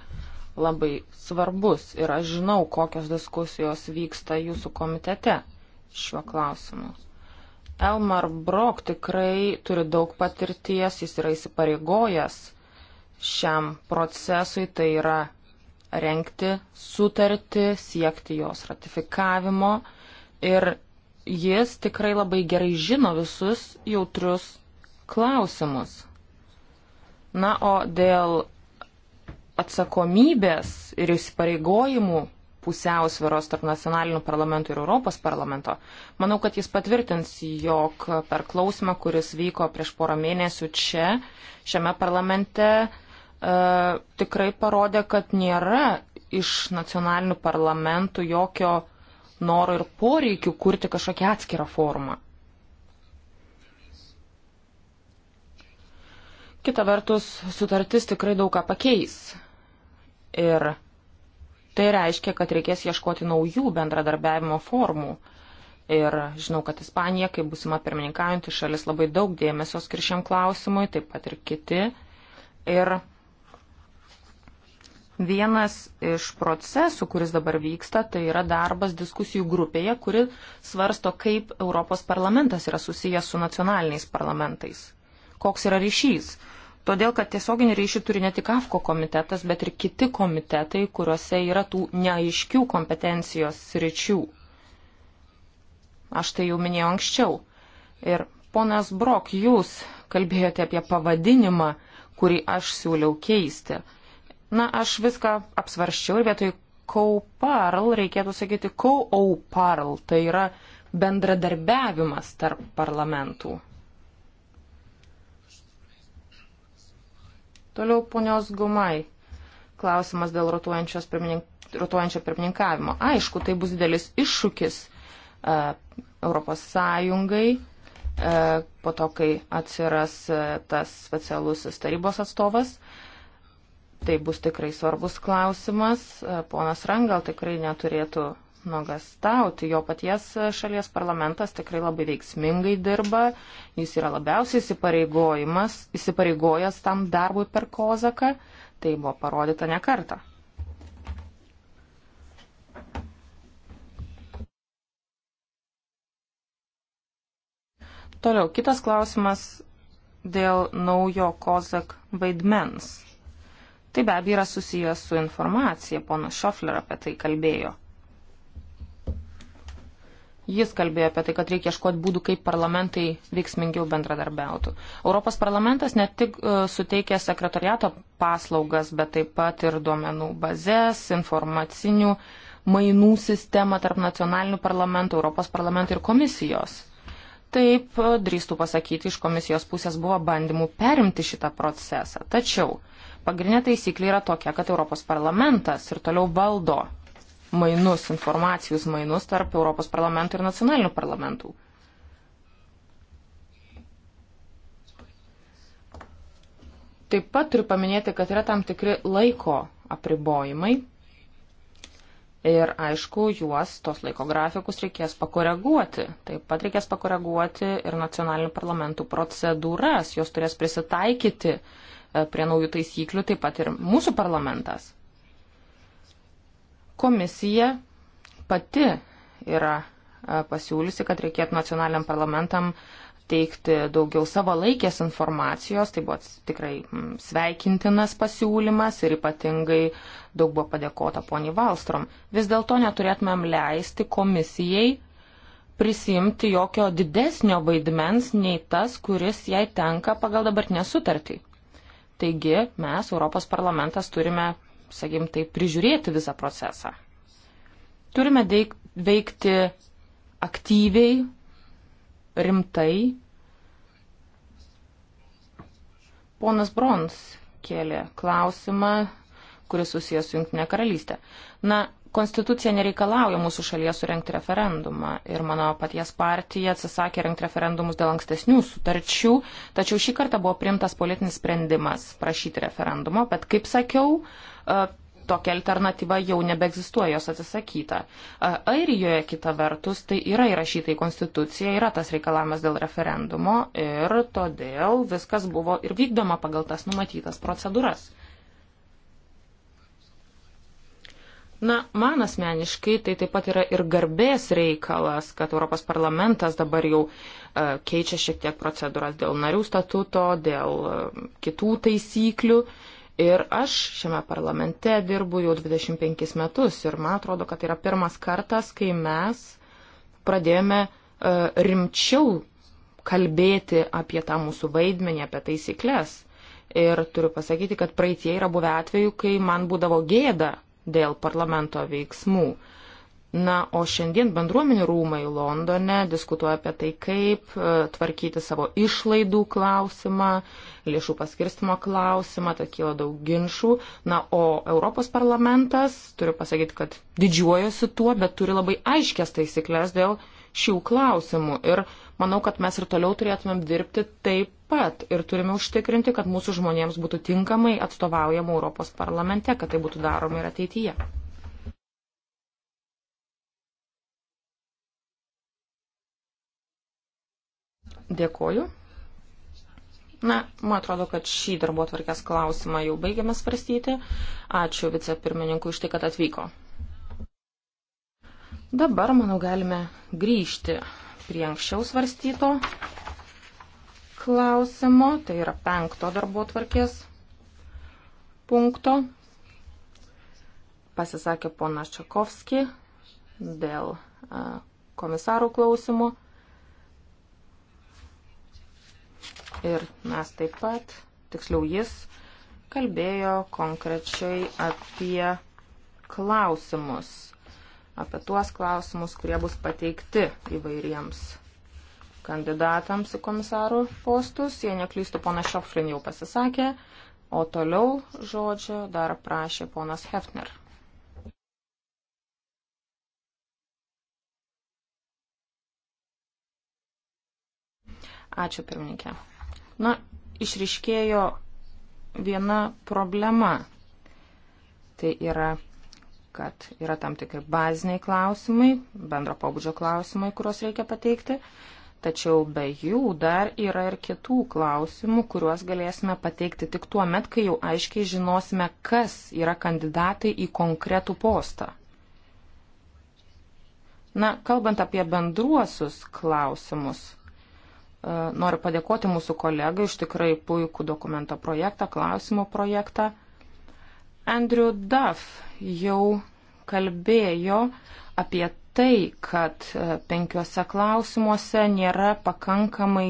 S4: labai svarbus ir aš žinau, kokios diskusijos vyksta jūsų komitete šiuo klausimu. Elmar Brok tikrai turi daug patirties, jis yra įsipareigojęs šiam procesui, tai yra renkti sutartį, siekti jos ratifikavimo ir jis tikrai labai gerai žino visus jautrius klausimus. Na, o dėl atsakomybės ir įsipareigojimų pusiausviros tarp nacionalinių parlamentų ir Europos parlamento. Manau, kad jis patvirtins, jog per klausimą, kuris vyko prieš porą mėnesių čia, šiame parlamente, e, tikrai parodė, kad nėra iš nacionalinių parlamentų jokio noro ir poreikių kurti kažkokią atskirą formą. Kita vertus, sutartis tikrai daug ką pakeis. Ir Tai reiškia, kad reikės ieškoti naujų bendradarbiavimo formų. Ir žinau, kad Ispanija, kaip busima pirmininkaujanti šalis, labai daug dėmesio skir šiam klausimui, taip pat ir kiti. Ir vienas iš procesų, kuris dabar vyksta, tai yra darbas diskusijų grupėje, kuri svarsto, kaip Europos parlamentas yra susijęs su nacionaliniais parlamentais. Koks yra ryšys? Todėl, kad tiesioginį ryšį turi ne tik AFKO komitetas, bet ir kiti komitetai, kuriuose yra tų neaiškių kompetencijos sričių. Aš tai jau minėjau anksčiau. Ir ponas Brok, jūs kalbėjote apie pavadinimą, kurį aš siūliau keisti. Na, aš viską apsvarščiau ir vietoj co-parl reikėtų sakyti co-o-parl, tai yra bendradarbiavimas tarp parlamentų. Toliau ponios Gumai klausimas dėl pirminink, rotuojančio pirmininkavimo. Aišku, tai bus didelis iššūkis uh, Europos Sąjungai, uh, po to, kai atsiras uh, tas specialusis tarybos atstovas. Tai bus tikrai svarbus klausimas. Ponas Rangal tikrai neturėtų nuogastauti. Jo paties šalies parlamentas tikrai labai veiksmingai dirba, jis yra labiausiai įsipareigojęs tam darbui per kozaką, tai buvo parodyta ne kartą. Toliau, kitas klausimas dėl naujo kozak vaidmens. Tai be abejo yra susijęs su informacija, ponas Šofler apie tai kalbėjo. Jis kalbėjo apie tai, kad reikia ieškoti būdų, kaip parlamentai veiksmingiau bendradarbiautų. Europos parlamentas ne tik e, suteikia sekretariato paslaugas, bet taip pat ir duomenų bazės, informacinių mainų sistemą tarp nacionalinių parlamentų, Europos parlamentų ir komisijos. Taip, e, drįstų pasakyti, iš komisijos pusės buvo bandymų perimti šitą procesą. Tačiau pagrindinė taisyklė yra tokia, kad Europos parlamentas ir toliau valdo mainus, informacijos mainus tarp Europos parlamentų ir nacionalinių parlamentų. Taip pat turiu paminėti, kad yra tam tikri laiko apribojimai ir, aišku, juos, tos laiko grafikus reikės pakoreguoti. Taip pat reikės pakoreguoti ir nacionalinių parlamentų procedūras, jos turės prisitaikyti e, prie naujų taisyklių, taip pat ir mūsų parlamentas. Komisija pati yra e, pasiūlysi, kad reikėtų nacionaliniam parlamentam teikti daugiau savalaikės informacijos. Tai buvo tikrai sveikintinas pasiūlymas ir ypatingai daug buvo padėkota poniai Valstrom. Vis dėlto neturėtumėm leisti komisijai prisimti jokio didesnio vaidmens nei tas, kuris jai tenka pagal dabartinę sutartį. Taigi mes, Europos parlamentas, turime sakim, tai prižiūrėti visą procesą. Turime deik, veikti aktyviai, rimtai. Ponas Brons kėlė klausimą, kuris susijęs su Junktinė karalystė. Na, konstitucija nereikalauja mūsų šalyje surenkti referendumą ir mano paties partija atsisakė renkti referendumus dėl ankstesnių sutarčių, tačiau šį kartą buvo priimtas politinis sprendimas prašyti referendumo, bet kaip sakiau, uh, tokia alternatyva jau nebeegzistuoja, jos atsisakyta. Airijoje kita vertus tai yra įrašyta į konstituciją, yra tas reikalavimas dėl referendumo ir todėl viskas buvo ir vykdoma pagal tas numatytas procedūras. Na, man asmeniškai tai taip pat yra ir garbės reikalas, kad Europos parlamentas dabar jau uh, keičia šiek tiek procedūras dėl narių statuto, dėl uh, kitų taisyklių. Uh, Ir aš šiame parlamente dirbu jau 25 metus ir man atrodo, kad tai yra pirmas kartas, kai mes pradėjome e, rimčiau kalbėti apie tą mūsų vaidmenį, apie taisyklės. Ir turiu pasakyti, kad praeitie yra buvę atveju, kai man būdavo gėda dėl parlamento veiksmų. Uh, Na, o šiandien bendruomenių rūmai Londone diskutuoja apie tai, kaip e, tvarkyti savo išlaidų klausimą, lėšų paskirstimo klausimą, tad kyla daug ginčių. Na, o Europos parlamentas, turiu pasakyti, kad didžiuojasi tuo, bet turi labai aiškias taisyklės dėl šių klausimų. Ir manau, kad mes ir toliau turėtumėm dirbti taip pat ir turime užtikrinti, kad mūsų žmonėms būtų tinkamai atstovaujama Europos parlamente, kad tai būtų daroma ir ateityje. Dėkoju. Na, man atrodo, kad šį darbo tvarkės klausimą jau baigiame svarstyti. Ačiū vicepirmininkui už tai, kad atvyko. Dabar, manau, galime grįžti prie anksčiau svarstyto klausimo, tai yra penkto darbo tvarkės punkto. Pasisakė ponas Čakovski dėl komisarų klausimų. ir mes taip pat, tiksliau jis, kalbėjo konkrečiai apie klausimus, apie tuos klausimus, kurie bus pateikti įvairiems kandidatams į komisarų postus. Jei neklystų, ponas Šoflin jau pasisakė, o toliau žodžio dar prašė ponas Hefner. Ačiū pirmininkė. Na, išriškėjo viena problema. Tai yra, kad yra tam tikri baziniai klausimai, bendro pobūdžio klausimai, kuriuos reikia pateikti. Tačiau be jų dar yra ir kitų klausimų, kuriuos galėsime pateikti tik tuo met, kai jau aiškiai žinosime, kas yra kandidatai į konkretų postą. Na, kalbant apie bendruosius klausimus, Noriu padėkoti mūsų kolegai iš tikrai puikų dokumento projektą, klausimų projektą. Andrew Duff jau kalbėjo apie tai, kad e, penkiuose klausimuose nėra pakankamai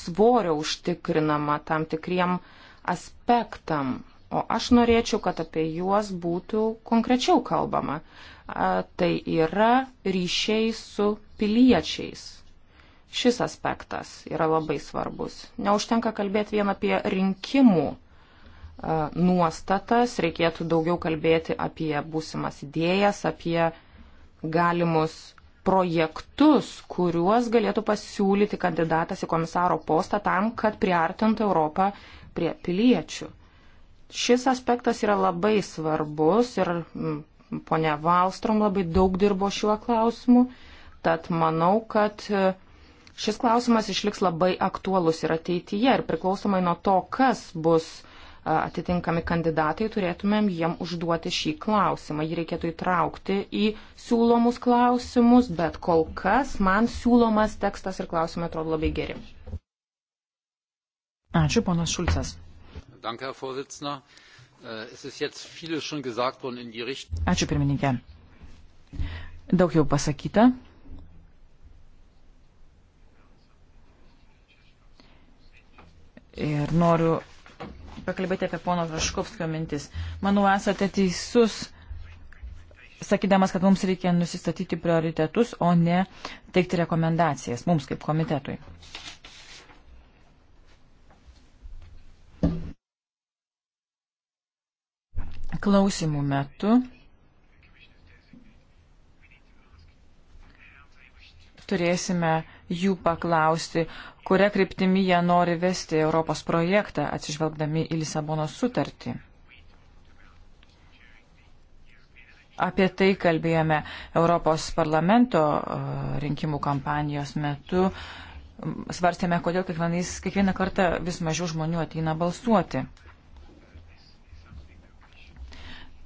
S4: svorio užtikrinama tam tikriem aspektam. O aš norėčiau, kad apie juos būtų konkrečiau kalbama. Tai yra ryšiai su piliečiais Šis aspektas yra labai svarbus. Neužtenka kalbėti vien apie rinkimų e, nuostatas, reikėtų daugiau kalbėti apie būsimas idėjas, apie galimus projektus, kuriuos galėtų pasiūlyti kandidatas į komisaro postą tam, kad priartintų Europą prie piliečių. Šis aspektas yra labai svarbus ir ponia Valstrom labai daug dirbo šiuo klausimu, tad manau, kad e, Šis klausimas išliks labai aktuolus ir ateityje ir priklausomai nuo to, kas bus atitinkami kandidatai, turėtumėm jiem užduoti šį klausimą. Jį reikėtų įtraukti į siūlomus klausimus, bet kol kas man siūlomas tekstas ir klausimai atrodo labai geri.
S2: Ačiū, ponas Šulcas.
S1: Danke, Herr Vorsitzender. Äh, es ist jetzt vieles schon gesagt worden in die Richtung.
S2: Ačiū, pirmininkė. Daug jau pasakyta. ir noriu pakalbėti apie pono Raškovskio mintis. Manau, esate teisus, sakydamas, kad mums reikia nusistatyti prioritetus, o ne teikti rekomendacijas mums kaip komitetui. Klausimų metu turėsime jų paklausti, kuria kryptimi jie nori vesti Europos projektą, atsižvelgdami į Lisabono sutartį. Apie tai kalbėjome Europos parlamento e, rinkimų kampanijos metu. Svarstėme, kodėl kiekvieną kartą vis mažiau žmonių ateina balsuoti.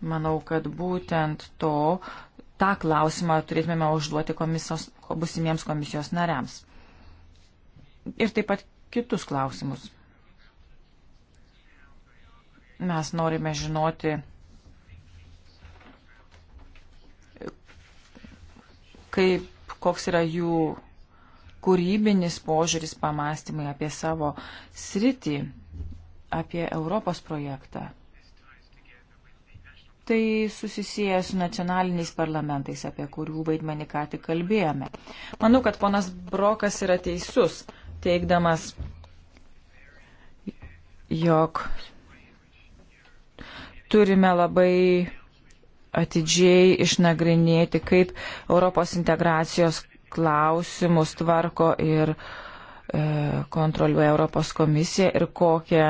S2: Manau, kad būtent to, tą klausimą turėtume užduoti komisos, busimiems komisijos nariams. Ir taip pat kitus klausimus. Mes norime žinoti, kaip, koks yra jų kūrybinis požiūris pamastymai apie savo sritį, apie Europos projektą tai susisieja su nacionaliniais parlamentais, apie kurių vaidmenį ką tik kalbėjome. Manau, kad ponas Brokas yra teisus, teikdamas, jog turime labai atidžiai išnagrinėti, kaip Europos integracijos klausimus tvarko ir e, kontroliuoja Europos komisija ir kokią,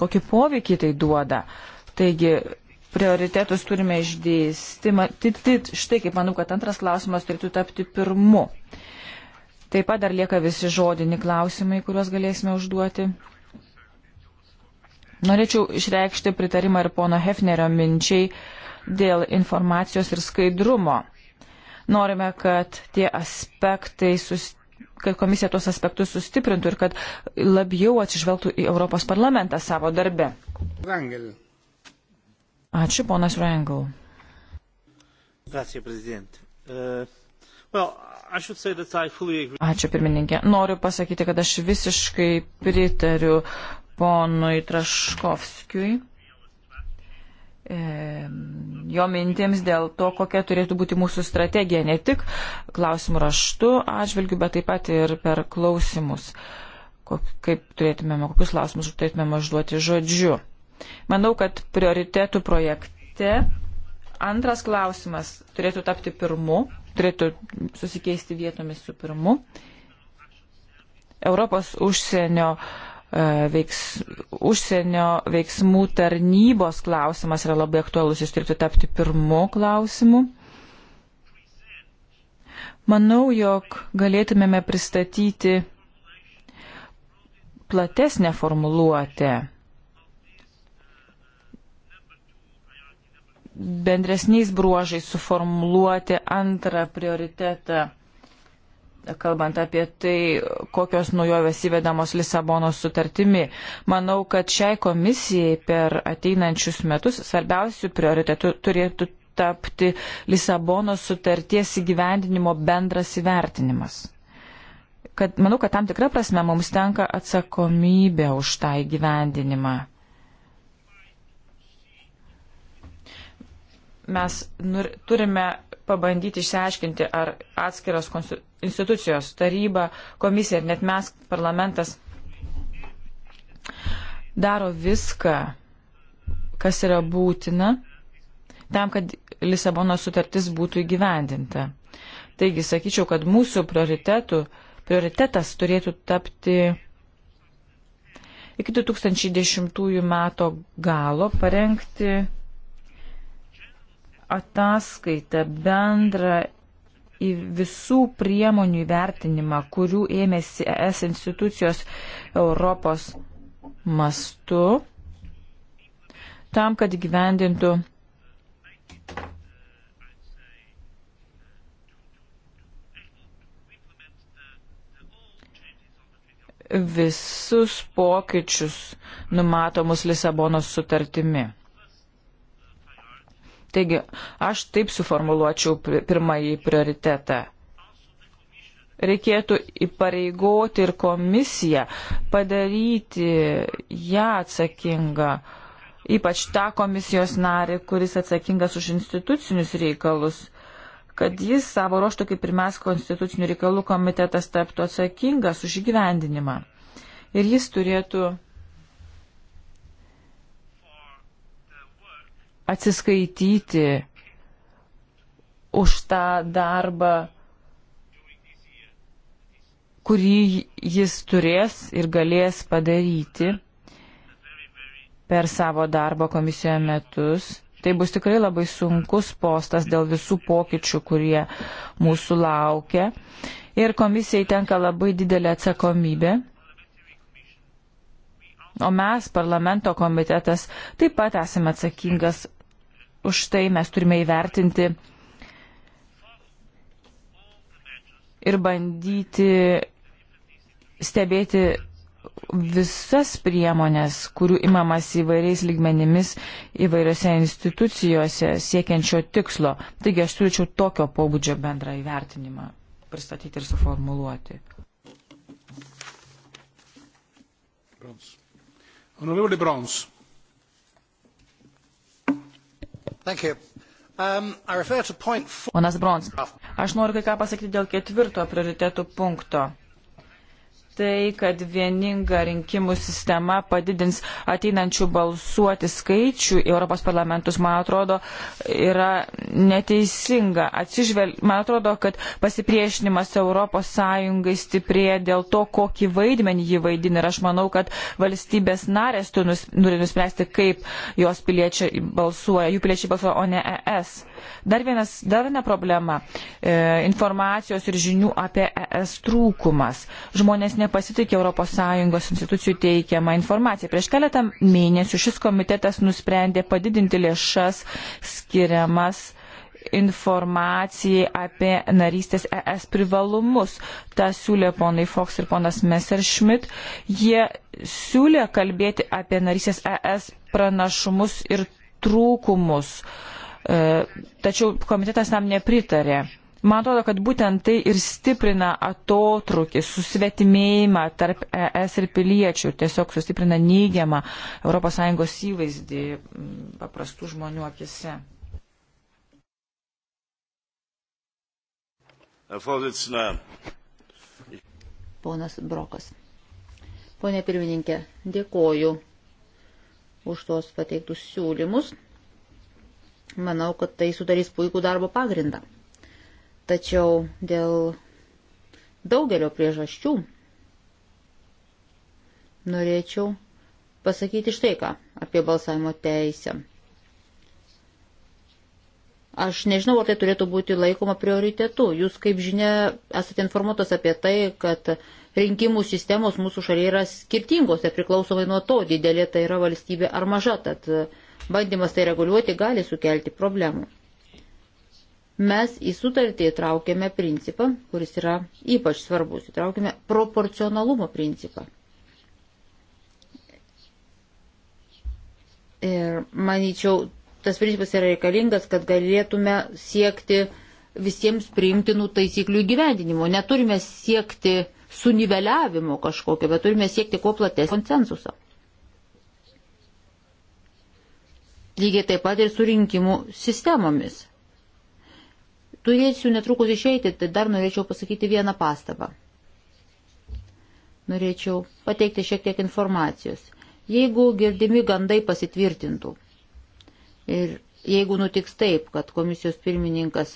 S2: kokį poveikį tai duoda. E, Taigi, prioritetus turime išdėsti. Tai, tai štai kaip manau, kad antras klausimas turėtų tapti pirmu. Taip pat dar lieka visi žodini klausimai, kuriuos galėsime užduoti. Norėčiau išreikšti pritarimą ir pono Hefnerio minčiai dėl informacijos ir skaidrumo. Norime, kad tie aspektai, kad komisija tuos aspektus sustiprintų ir kad labiau atsižvelgtų į Europos parlamentą savo darbe. Rangel. Ačiū, ponas Rangel.
S1: Grazie, prezidentė. Uh... Eh,
S2: Ačiū pirmininkė. Noriu pasakyti, kad aš visiškai pritariu ponui Traškovskijui. Jo mintims dėl to, kokia turėtų būti mūsų strategija, ne tik klausimų raštu atžvilgiu, bet taip pat ir per klausimus, kaip turėtumėme, kokius klausimus turėtumėme užduoti žodžiu. Manau, kad prioritetų projekte antras klausimas turėtų tapti pirmu, turėtų susikeisti vietomis su pirmu. Europos užsienio, e, veiks, užsienio veiksmų tarnybos klausimas yra labai aktualus, jis turėtų tapti pirmu klausimu. Manau, jog galėtumėme pristatyti platesnę formuluotę bendresniais bruožais suformuluoti antrą prioritetą, kalbant apie tai, kokios naujovės įvedamos Lisabonos sutartimi. Manau, kad šiai komisijai per ateinančius metus svarbiausių prioritetų turėtų tapti Lisabonos sutarties įgyvendinimo bendras įvertinimas. Kad, manau, kad tam tikrą prasme mums tenka atsakomybė už tą įgyvendinimą mes nur, turime pabandyti išsiaiškinti, ar atskiros institucijos, taryba, komisija ir net mes, parlamentas, daro viską, kas yra būtina, tam, kad Lisabono sutartis būtų įgyvendinta. Taigi, sakyčiau, kad mūsų prioritetas turėtų tapti iki 2010 metų galo parengti ataskaitą bendrą į visų priemonių įvertinimą, kurių ėmėsi ES institucijos Europos mastu, tam, kad gyvendintų visus pokyčius numatomus Lisabonos sutartimi. Taigi, aš taip suformuluočiau pirmąjį prioritetą. Reikėtų įpareigoti ir komisiją, padaryti ją atsakingą, ypač tą komisijos narį, kuris atsakingas už institucinius reikalus kad jis savo ruoštų, kaip ir mes, konstitucinių reikalų komitetas taptų atsakingas už įgyvendinimą. Ir jis turėtų atsiskaityti už tą darbą, kurį jis turės ir galės padaryti per savo darbo komisijoje metus. Tai bus tikrai labai sunkus postas dėl visų pokyčių, kurie mūsų laukia. Ir komisijai tenka labai didelė atsakomybė. O mes, parlamento komitetas, taip pat esame atsakingas už tai mes turime įvertinti ir bandyti stebėti visas priemonės, kurių imamas įvairiais lygmenimis įvairiose institucijose siekiančio tikslo. Taigi aš siūlyčiau tokio pobūdžio bendrą įvertinimą pristatyti ir suformuluoti.
S1: Brons. Honorable Brons.
S2: Um, Ponas Brons, aš noriu kai ką pasakyti dėl ketvirto prioritetų punkto tai, kad vieninga rinkimų sistema padidins ateinančių balsuoti skaičių į Europos parlamentus, man atrodo, yra neteisinga. Atsižvel... Man atrodo, kad pasipriešinimas Europos Sąjungai stiprėja dėl to, kokį vaidmenį jį vaidina. Ir aš manau, kad valstybės narės turi nuspręsti, kaip jos piliečiai balsuoja, jų piliečiai balsuoja, o ne ES. Dar, vienas, dar viena problema e, - informacijos ir žinių apie ES trūkumas. Žmonės nepasitikė ES institucijų teikiamą informaciją. Prieš keletą mėnesių šis komitetas nusprendė padidinti lėšas skiriamas informacijai apie narystės ES privalumus. Ta siūlė ponai Fox ir ponas Messerschmidt. Jie siūlė kalbėti apie narystės ES pranašumus ir trūkumus. Uh, E, tačiau komitetas tam nepritarė. Man atrodo, kad būtent tai ir stiprina atotrukį, susvetimėjimą tarp ES ir piliečių, tiesiog sustiprina neigiamą ES įvaizdį paprastų žmonių akise.
S3: Ponas Brokas. Pone pirmininkė, dėkoju už tuos pateiktus siūlymus. Manau, kad tai sudarys puikų darbo pagrindą. Tačiau dėl daugelio priežasčių norėčiau pasakyti štai ką apie balsavimo teisę. Aš nežinau, ar tai turėtų būti laikoma prioritetu. Jūs, kaip žinia, esate informuotas apie tai, kad rinkimų sistemos mūsų šalyje yra skirtingos ir priklausomai nuo to, didelė tai yra valstybė ar maža. Tad uh, Bandymas tai reguliuoti gali sukelti problemų. Mes į sutartį įtraukėme principą, kuris yra ypač svarbus, įtraukėme proporcionalumo principą. Ir manyčiau, tas principas yra reikalingas, kad galėtume siekti visiems priimtinų taisyklių įgyvendinimo. Neturime siekti suniveliavimo kažkokio, bet turime siekti kuo platesnio konsensuso. Lygiai taip pat ir su rinkimų sistemomis. Turėsiu netrukus išeiti, tai dar norėčiau pasakyti vieną pastabą. Norėčiau pateikti šiek tiek informacijos. Jeigu girdimi gandai pasitvirtintų ir jeigu nutiks taip, kad komisijos pirmininkas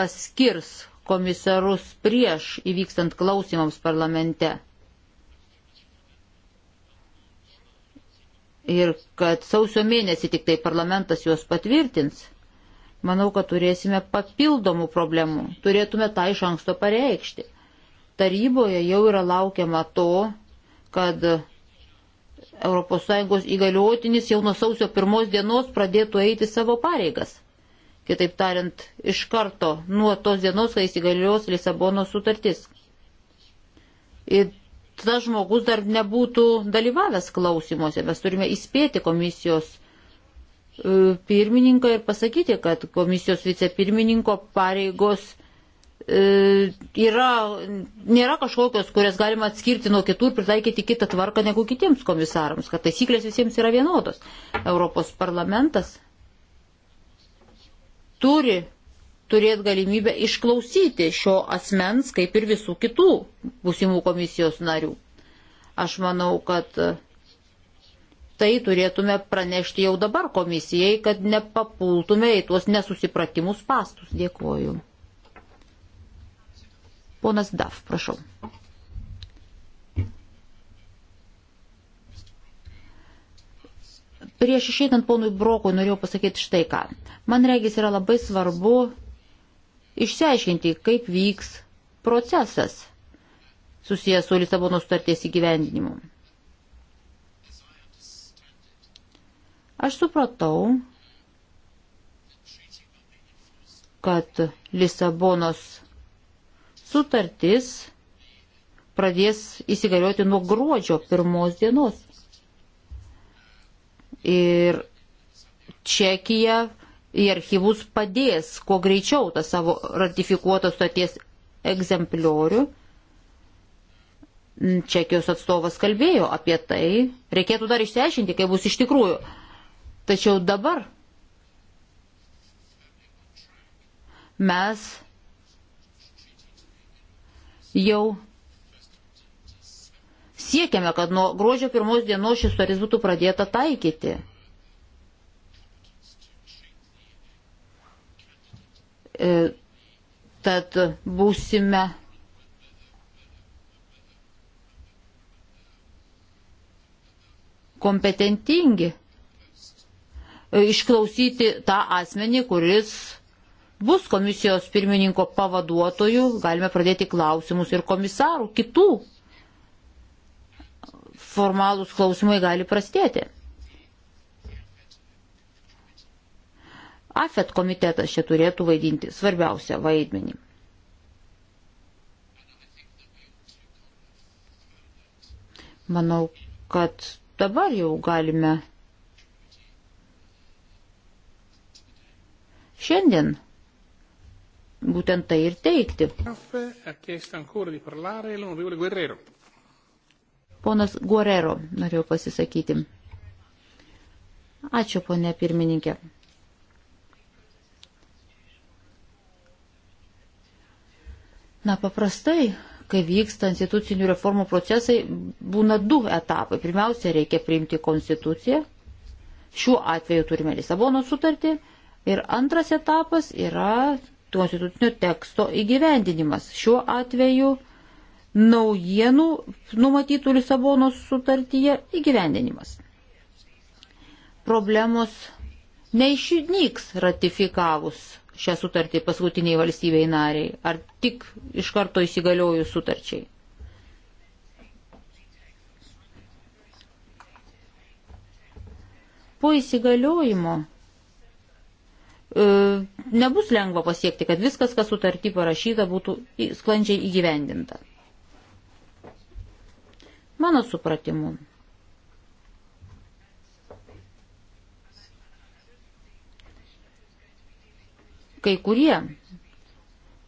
S3: paskirs komisarus prieš įvykstant klausimams parlamente, ir kad sausio mėnesį tik tai parlamentas juos patvirtins, manau, kad turėsime papildomų problemų. Turėtume tą iš anksto pareikšti. Taryboje jau yra laukiama to, kad ES įgaliotinis jau nuo sausio pirmos dienos pradėtų eiti savo pareigas. Kitaip tariant, iš karto nuo tos dienos, kai įsigalios Lisabono sutartis. Ir tas žmogus dar nebūtų dalyvavęs klausimuose. Mes turime įspėti komisijos e, pirmininką ir pasakyti, kad komisijos vicepirmininko pareigos e, yra, nėra kažkokios, kurias galima atskirti nuo kitų ir pritaikyti kitą tvarką negu kitiems komisarams, kad taisyklės visiems yra vienodos. Europos parlamentas turi turėti galimybę išklausyti šio asmens, kaip ir visų kitų būsimų komisijos narių. Aš manau, kad e, tai turėtume pranešti jau dabar komisijai, kad nepapultume į tuos nesusipratimus pastus. Dėkuoju. Ponas Daf, prašau. Prieš išeinant ponui Brokui norėjau pasakyti štai ką. Man regis yra labai svarbu išsiaiškinti, kaip vyks procesas susijęs su Lisabono sutarties įgyvendinimu. Aš supratau, kad Lisabonos sutartis pradės įsigalioti nuo gruodžio pirmos dienos. Ir Čekija į archyvus padės kuo greičiau tą savo ratifikuotos stoties egzempliorių. Čekijos atstovas kalbėjo apie tai. Reikėtų dar išsiaiškinti, kaip bus iš tikrųjų. Tačiau dabar mes jau siekiame, kad nuo gruodžio pirmos dienos šis sutartis būtų pradėta taikyti. E, tad būsime. kompetentingi e, išklausyti tą asmenį, kuris bus komisijos pirmininko pavaduotojų, galime pradėti klausimus ir komisarų kitų. Formalūs klausimai gali prastėti. AFET komitetas čia turėtų vaidinti svarbiausią vaidmenį. Manau, kad dabar jau galime šiandien būtent tai ir teikti. Ponas Guerrero norėjo pasisakyti. Ačiū, ponė pirmininkė. Na, paprastai, kai vyksta institucinių reformų procesai, būna du etapai. Pirmiausia, reikia priimti konstituciją. Šiuo atveju turime Lisabono sutartį. Ir antras etapas yra konstitucinio teksto įgyvendinimas. Šiuo atveju naujienų numatytų Lisabonos sutartyje įgyvendinimas. Problemos neišnyks ratifikavus šią sutartį paskutiniai valstybei nariai, ar tik iš karto įsigaliojus sutarčiai? Po įsigaliojimo e, nebus lengva pasiekti, kad viskas, kas sutartį parašyta, būtų sklandžiai įgyvendinta. Mano supratimu. kai kurie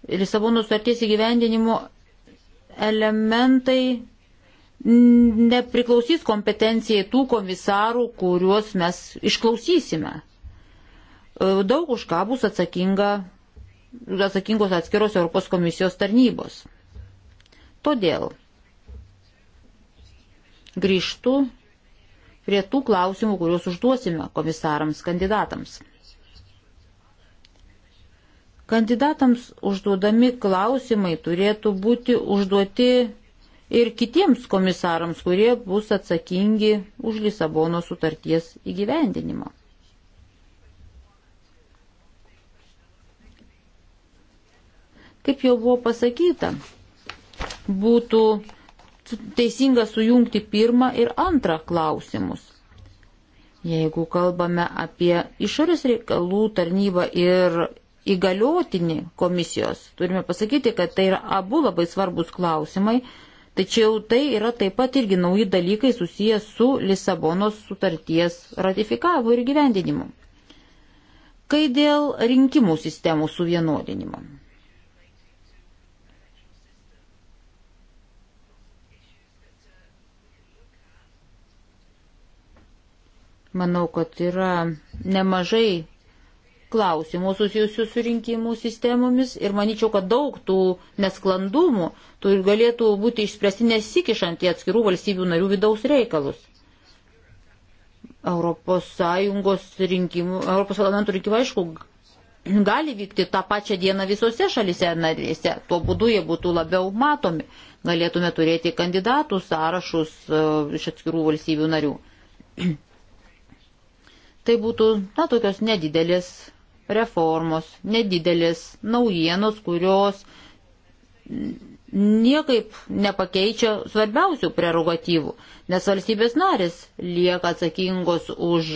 S3: Lisabono sutarties įgyvendinimo elementai nepriklausys kompetencijai tų komisarų, kuriuos mes išklausysime. E, daug už ką bus atsakinga, atsakingos atskiros Europos komisijos tarnybos. Todėl grįžtu prie tų klausimų, kuriuos užduosime komisarams kandidatams. Kandidatams užduodami klausimai turėtų būti užduoti ir kitiems komisarams, kurie bus atsakingi už Lisabono sutarties įgyvendinimą. Kaip jau buvo pasakyta, būtų teisinga sujungti pirmą ir antrą klausimus. Jeigu kalbame apie išorės reikalų tarnybą ir įgaliotinį komisijos. Turime pasakyti, kad tai yra abu labai svarbus klausimai, tačiau tai yra taip pat irgi nauji dalykai susijęs su Lisabonos sutarties ratifikavimu ir gyvendinimu. Kai dėl rinkimų sistemų suvienodinimo. Manau, kad yra nemažai klausimų susijusių su rinkimų sistemomis ir manyčiau, kad daug tų nesklandumų tų galėtų būti išspręsti nesikišant į atskirų valstybių narių vidaus reikalus. Europos Sąjungos rinkimų, Europos parlamentų rinkimai, aišku, gali vykti tą pačią dieną visose šalise narėse. Tuo būdu jie būtų labiau matomi. Galėtume turėti kandidatų sąrašus e, iš atskirų valstybių narių. Tai būtų, na, tokios nedidelės reformos, nedidelis naujienos, kurios niekaip nepakeičia svarbiausių prerogatyvų, nes valstybės narės lieka atsakingos už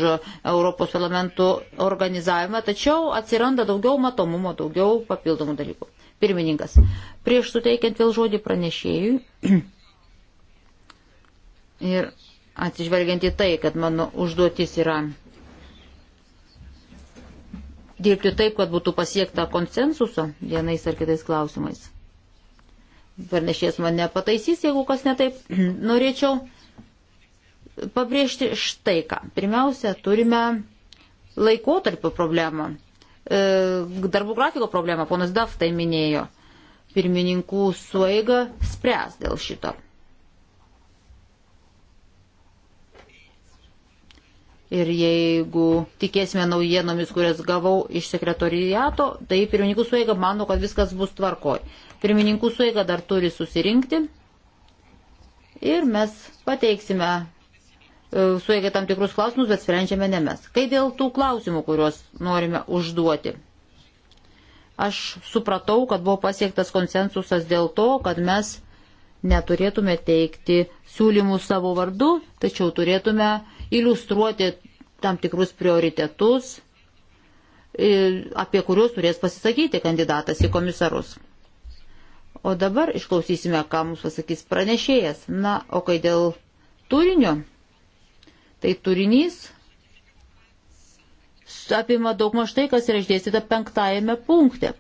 S3: Europos parlamentų organizavimą, tačiau atsiranda daugiau matomumo, daugiau papildomų dalykų. Pirmininkas, prieš suteikiant vėl žodį pranešėjui ir atsižvelgiant į tai, kad mano užduotis yra dirbti taip, kad būtų pasiekta konsensuso vienais ar kitais klausimais. Varnešės mane pataisys, jeigu kas netaip. Norėčiau pabrėžti štai ką. Pirmiausia, turime laikotarpio problemą, e, darbų grafiko problemą, ponas Daf tai minėjo. Pirmininkų suėga spręs dėl šito. Ir jeigu tikėsime naujienomis, kurias gavau iš sekretorijato, tai pirmininkų suėga mano, kad viskas bus tvarkoj. Pirmininkų suėga dar turi susirinkti ir mes pateiksime e, suėga tam tikrus klausimus, bet sprendžiame ne mes. Kai dėl tų klausimų, kuriuos norime užduoti. Aš supratau, kad buvo pasiektas konsensusas dėl to, kad mes neturėtume teikti siūlymų savo vardu, tačiau turėtume uh, iliustruoti tam tikrus prioritetus, apie kuriuos turės pasisakyti kandidatas į komisarus. O dabar išklausysime, ką mums pasakys pranešėjas. Na, o kai dėl turinio, tai turinys apima daug maž tai, kas yra išdėstyta penktajame punkte.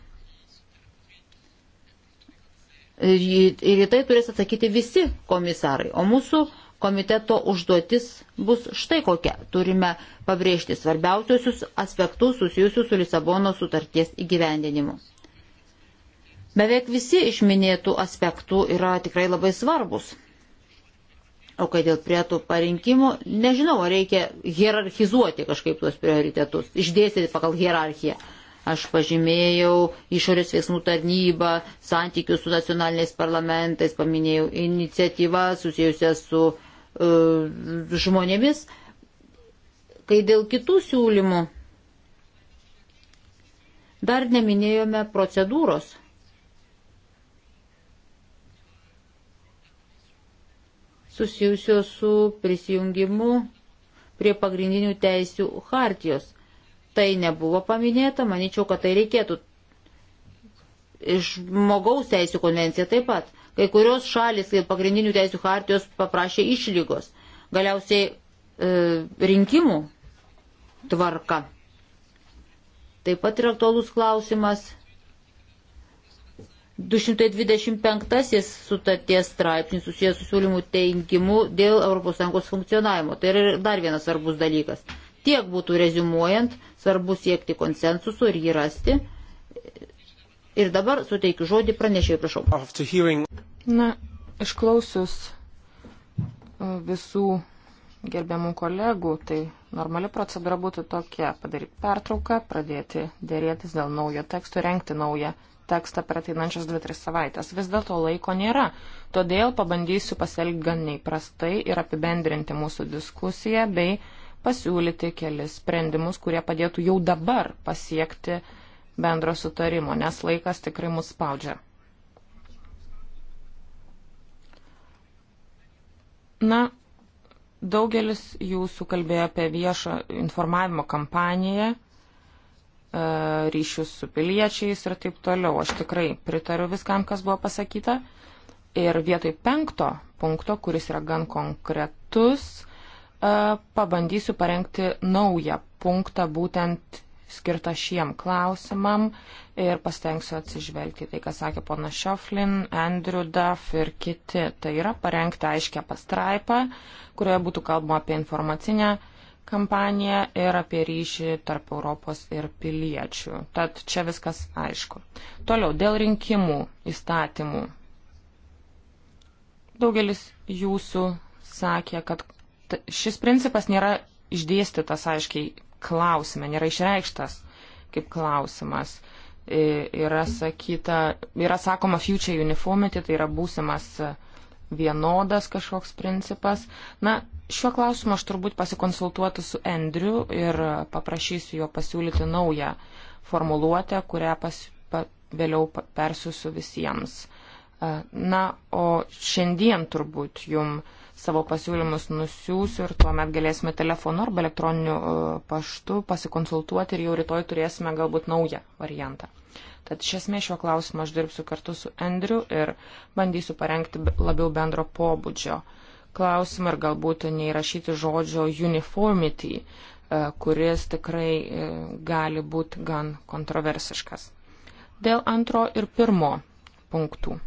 S3: Ir į tai turės atsakyti visi komisarai. O mūsų Komiteto užduotis bus štai kokia. Turime pabrėžti svarbiausiosius aspektus susijusius su Lisabono sutarties įgyvendinimu. Beveik visi išminėtų aspektų yra tikrai labai svarbus. O kai dėl prietų parinkimų, nežinau, ar reikia hierarchizuoti kažkaip tuos prioritetus, išdėstyti pagal hierarchiją. Aš pažymėjau išorės veiksmų tarnybą, santykius su nacionaliniais parlamentais, paminėjau iniciatyvą susijusią su E, žmonėmis, kai dėl kitų siūlymų dar neminėjome procedūros. susijusios su prisijungimu prie pagrindinių teisių hartijos. Tai nebuvo paminėta, manyčiau, kad tai reikėtų. Iš žmogaus teisų konvencija taip pat. Kai kurios šalis, kaip pagrindinių teisų hartijos, paprašė išlygos. Galiausiai e, rinkimų tvarka. Taip pat yra aktualus klausimas 225 sutarties straipsnis susijęs su siūlymų teikimu dėl ES funkcionavimo. Tai yra dar vienas svarbus dalykas. Tiek būtų rezumuojant, svarbu siekti konsensusų ir jį rasti. Ir dabar suteikiu žodį pranešėjui, prašau.
S4: Na, išklausius e, visų gerbiamų kolegų, tai normali procedūra būtų tokia - padaryti pertrauką, pradėti dėrėtis dėl naujo teksto, renkti naują tekstą per ateinančias 2-3 savaitės. Vis dėlto laiko nėra, todėl pabandysiu pasielgti gan neįprastai ir apibendrinti mūsų diskusiją bei pasiūlyti kelis sprendimus, kurie padėtų jau dabar pasiekti uh, bendro sutarimo, nes laikas tikrai mus spaudžia. Na, daugelis jūsų kalbėjo apie viešą informavimo kampaniją, e, ryšius su piliečiais ir taip toliau. Aš tikrai pritariu viskam, kas buvo pasakyta. Ir vietoj penkto punkto, kuris yra gan konkretus, e, pabandysiu parengti naują punktą būtent skirta šiem klausimam ir pastengsiu atsižvelgti tai, ką sakė pona Šioflin, Andrew Duff ir kiti. Tai yra parengti aiškę pastraipą, kurioje būtų kalbama apie informacinę kampaniją ir apie ryšį tarp Europos ir piliečių. Tad čia viskas aišku. Toliau, dėl rinkimų įstatymų. Daugelis jūsų sakė, kad šis principas nėra išdėstytas aiškiai klausime, nėra išreikštas kaip klausimas. E, yra, sakyta, yra sakoma future uniformity, tai yra būsimas vienodas kažkoks principas. Na, šiuo klausimu aš turbūt pasikonsultuotų su Andriu ir paprašysiu jo pasiūlyti naują formuluotę, kurią pas, pa, vėliau persiusiu visiems. E, na, o šiandien turbūt jums savo pasiūlymus nusiųsiu ir tuomet galėsime telefonu arba elektroniniu e, paštu pasikonsultuoti ir jau rytoj turėsime galbūt naują variantą. Tad iš esmės šiuo klausimu aš dirbsiu kartu su Andriu ir bandysiu parengti labiau bendro pobūdžio klausimą ir galbūt neįrašyti žodžio uniformity, e, kuris tikrai e, gali būti gan kontroversiškas. Dėl antro ir pirmo punktų.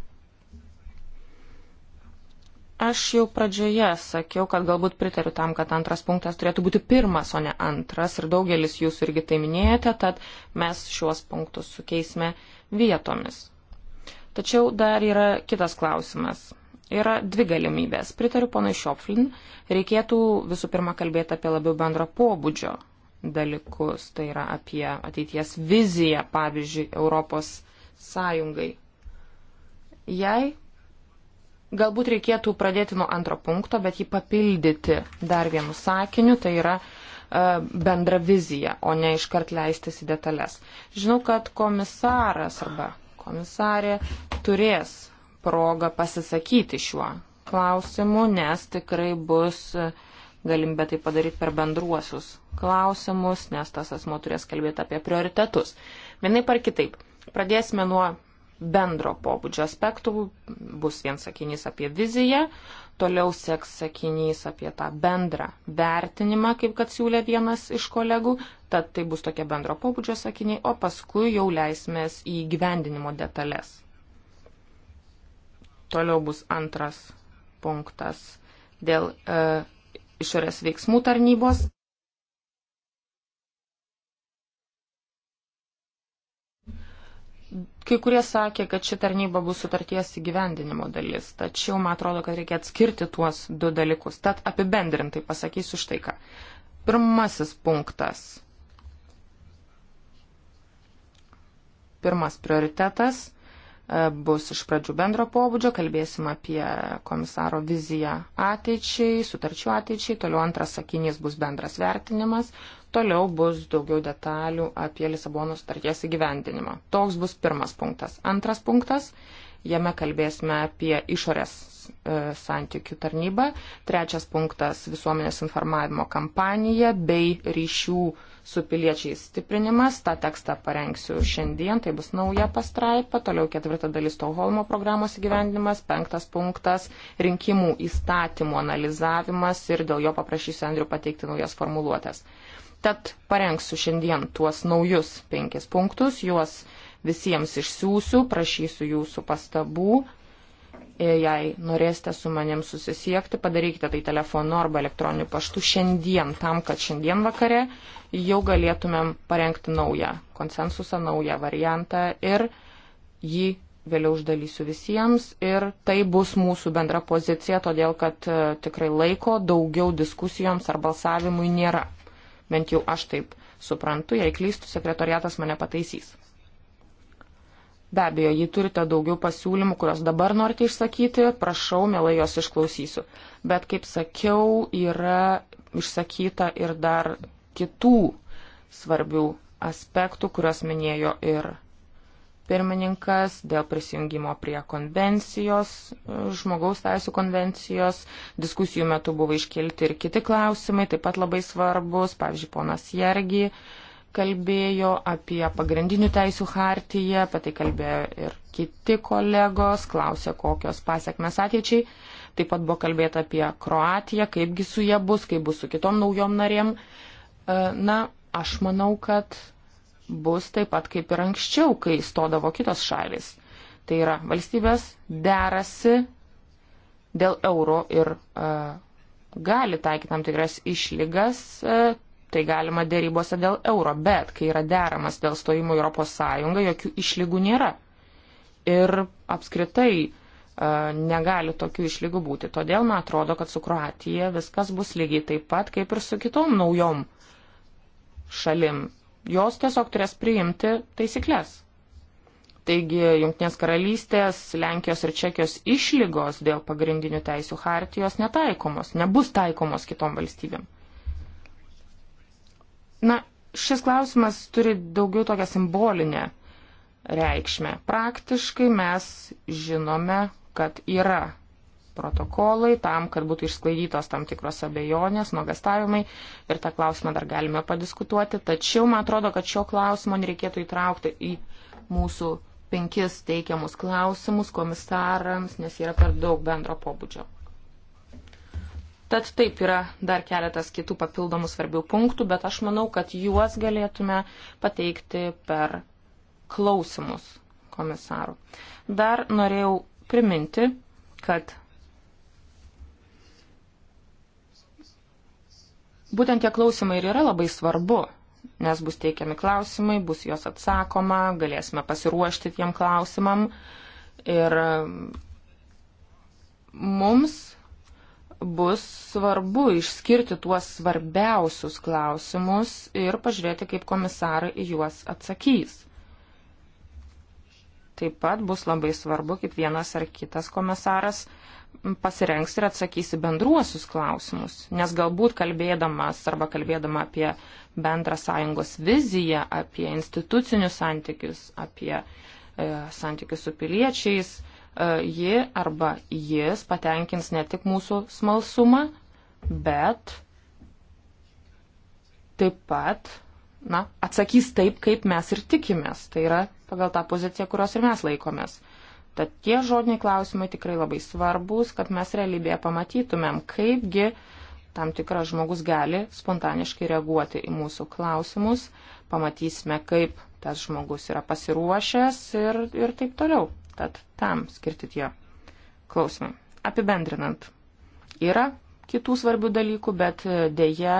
S4: Aš jau pradžioje sakiau, kad galbūt pritariu tam, kad antras punktas turėtų būti pirmas, o ne antras, ir daugelis jūsų irgi tai minėjote, tad mes šiuos punktus sukeisime vietomis. Tačiau dar yra kitas klausimas. Yra dvi galimybės. Pritariu ponai Šopflin, reikėtų visų pirma kalbėti apie labiau bendro pobūdžio dalykus, tai yra apie ateities viziją, pavyzdžiui, Europos Sąjungai. Jei Galbūt reikėtų pradėti nuo antro punkto, bet jį papildyti dar vienu sakiniu, tai yra e, bendra vizija, o ne iškart leistis į detalės. Žinau, kad komisaras arba komisarė turės progą pasisakyti šiuo klausimu, nes tikrai bus galimybė tai padaryti per bendruosius klausimus, nes tas asmo turės kalbėti apie prioritetus. Vienaip ar kitaip, pradėsime nuo bendro pobūdžio aspektų. Bus vien sakinys apie viziją, toliau seks sakinys apie tą bendrą vertinimą, kaip kad siūlė vienas iš kolegų, tad tai bus tokie bendro pobūdžio sakiniai, o paskui jau leisimės į gyvendinimo detalės. Toliau bus antras punktas dėl e, išorės veiksmų tarnybos. Kai kurie sakė, kad ši tarnyba bus sutarties įgyvendinimo dalis, tačiau man atrodo, kad reikia atskirti tuos du dalykus. Tad apibendrintai pasakysiu štai ką. Pirmasis punktas. Pirmas prioritetas e, bus iš pradžių bendro pobūdžio, kalbėsim apie komisaro viziją ateičiai, sutarčių ateičiai, toliau antras sakinys bus bendras vertinimas, Toliau bus daugiau detalių apie Lisabono sutarties įgyvendinimą. Toks bus pirmas punktas. Antras punktas, jame kalbėsime apie išorės e, santykių tarnybą. Trečias punktas - visuomenės informavimo kampanija bei ryšių su piliečiais stiprinimas. Ta tekstą parengsiu šiandien, tai bus nauja pastraipa. Toliau ketvirta dalis Stokholmo programos įgyvendinimas. Penktas punktas - rinkimų įstatymų analizavimas ir dėl jo paprašysiu Andriu pateikti naujas formuluotės. Tad parengsiu šiandien tuos naujus penkis punktus, juos visiems išsiųsiu, prašysiu jūsų pastabų. Jei norėsite su manim susisiekti, padarykite tai telefonu arba elektroniniu paštu šiandien, tam, kad šiandien vakare jau galėtumėm parengti naują konsensusą, naują variantą ir jį vėliau uždalysiu visiems ir tai bus mūsų bendra pozicija, todėl kad e, tikrai laiko daugiau diskusijoms ar balsavimui nėra. Bent jau aš taip suprantu, jei klystų, sekretoriatas mane pataisys. Be abejo, jei turite daugiau pasiūlymų, kuriuos dabar norite išsakyti, prašau, mielai jos išklausysiu. Bet, kaip sakiau, yra išsakyta ir dar kitų svarbių aspektų, kuriuos minėjo ir pirmininkas dėl prisijungimo prie konvencijos, žmogaus teisų konvencijos. Diskusijų metu buvo iškelti ir kiti klausimai, taip pat labai svarbus. Pavyzdžiui, ponas Jergi kalbėjo apie pagrindinių teisų hartiją, apie tai kalbėjo ir kiti kolegos, klausė, kokios pasiekmes ateičiai. Taip pat buvo kalbėta apie Kroatiją, kaipgi su jie bus, kaip bus su kitom naujom narėm. E, na, aš manau, kad bus taip pat kaip ir anksčiau, kai stodavo kitos šalis. Tai yra valstybės derasi dėl euro ir uh, gali taikyti tam tikras išlygas, uh, tai galima dėrybose dėl euro, bet kai yra deramas dėl stojimo į Europos Sąjungą, jokių išlygų nėra. Ir apskritai uh, negali tokių išlygų būti. Todėl man atrodo, kad su Kroatija viskas bus lygiai taip pat kaip ir su kitom naujom šalim Jos tiesiog turės priimti taisyklės. Taigi Junktinės karalystės, Lenkijos ir Čekijos išlygos dėl pagrindinių teisų hartijos netaikomos, nebus taikomos kitom valstybėm. Na, šis klausimas turi daugiau tokią simbolinę reikšmę. Praktiškai mes žinome, kad yra protokolai tam, kad būtų išsklaidytos tam tikros abejonės, nuogastavimai ir tą klausimą dar galime padiskutuoti. Tačiau man atrodo, kad šio klausimo nereikėtų įtraukti į mūsų penkis teikiamus klausimus komisarams, nes yra per daug bendro pobūdžio. Tad taip yra dar keletas kitų papildomų svarbių punktų, bet aš manau, kad juos galėtume pateikti per klausimus komisarų. Dar norėjau priminti, kad Būtent tie klausimai ir yra labai svarbu, nes bus teikiami klausimai, bus jos atsakoma, galėsime pasiruošti tiem klausimam. Ir mm, mums bus svarbu išskirti tuos svarbiausius klausimus ir pažiūrėti, kaip komisarai į juos atsakys. Taip pat bus labai svarbu, kaip vienas ar kitas komisaras pasirengs ir atsakysi bendruosius klausimus, nes galbūt kalbėdamas arba kalbėdama apie bendrą sąjungos viziją, apie institucinius santykius, apie e, santykius su piliečiais, e, ji arba jis patenkins ne tik mūsų smalsumą, bet taip pat na, atsakys taip, kaip mes ir tikimės. Tai yra pagal tą poziciją, kurios ir mes laikomės. Tad tie žodiniai klausimai tikrai labai svarbus, kad mes realybėje pamatytumėm, kaipgi tam tikras žmogus gali spontaniškai reaguoti į mūsų klausimus, pamatysime, kaip tas žmogus yra pasiruošęs ir, ir taip toliau. Tad tam skirti tie klausimai. Apibendrinant, yra kitų svarbių dalykų, bet e, dėje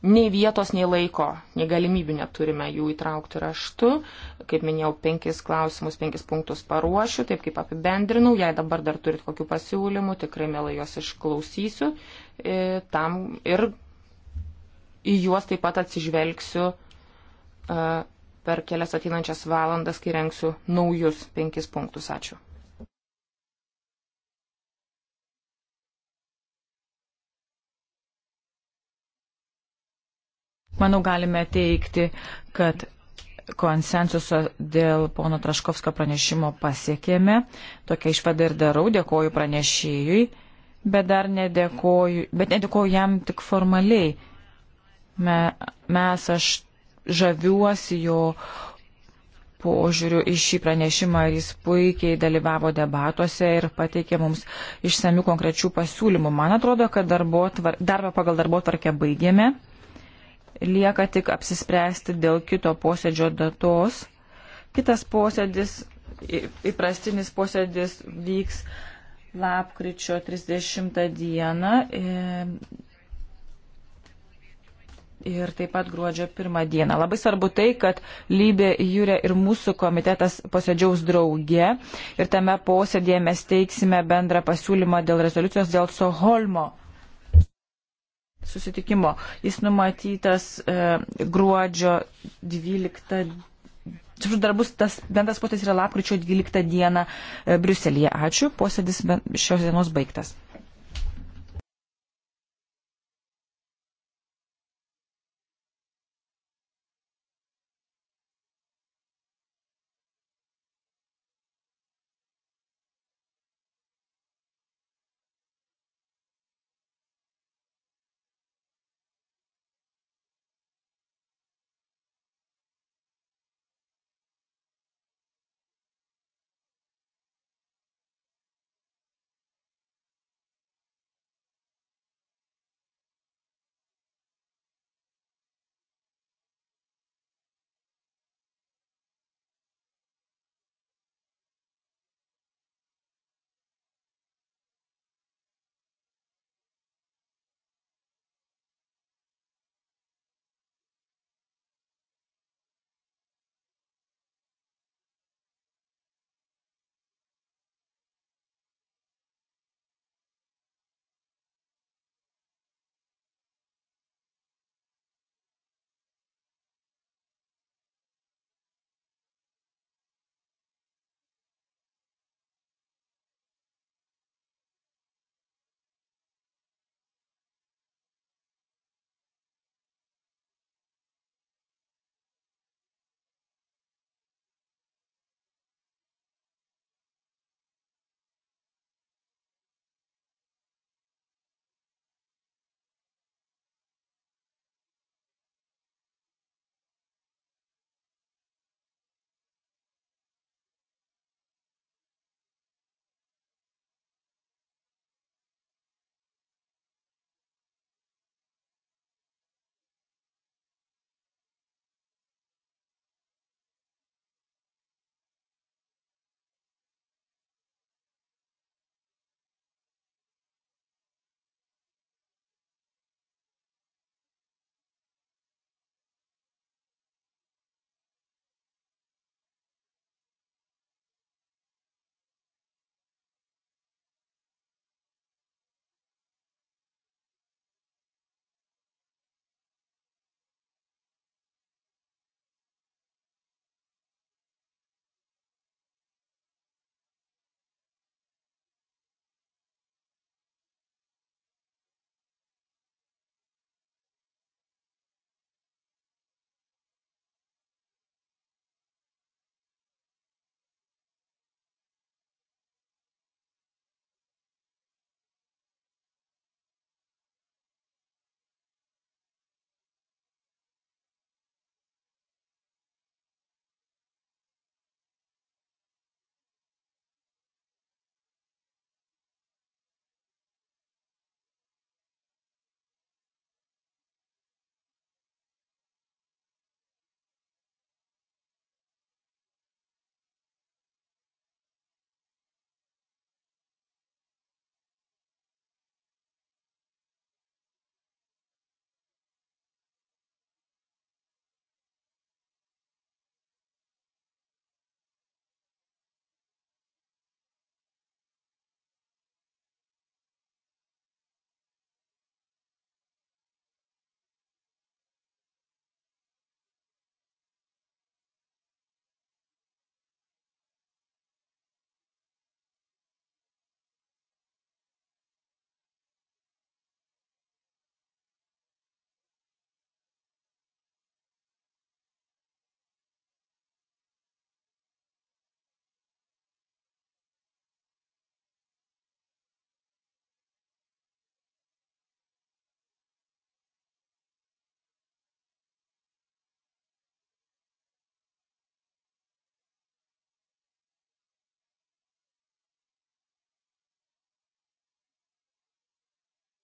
S4: nei vietos, nei laiko, nei galimybių neturime jų įtraukti raštu. Kaip minėjau, penkis klausimus, penkis punktus paruošiu, taip kaip apibendrinau. Jei dabar dar turit kokių pasiūlymų, tikrai mielai juos išklausysiu e, tam ir į juos taip pat atsižvelgsiu e, per kelias ateinančias valandas, kai renksiu naujus penkis punktus. Ačiū.
S2: Manau, galime teikti, kad konsensusą dėl pono Traškovskio pranešimo pasiekėme. Tokia išvada ir darau, dėkoju pranešėjui, bet dar nedėkoju, bet nedėkoju jam tik formaliai. Me, mes aš žaviuosi jo požiūriu į šį pranešimą ir jis puikiai dalyvavo debatuose ir pateikė mums išsamių konkrečių pasiūlymų. Man atrodo, kad darbo tvar, darbą pagal darbo tvarkę baigėme lieka tik apsispręsti dėl kito posėdžio datos. Kitas posėdis, įprastinis posėdis vyks lapkričio 30 dieną e, ir taip pat gruodžio 1 dieną. Labai svarbu tai, kad Lybė, Jūrė ir mūsų komitetas posėdžiaus drauge ir tame posėdėje mes teiksime bendrą pasiūlymą dėl rezoliucijos dėl Soholmo susitikimo. Jis numatytas e, gruodžio 12. Atsiprašau, dar bus tas bendras posėdis yra lapkričio 12 dieną e, Briuselėje. Ačiū, posėdis šios dienos baigtas.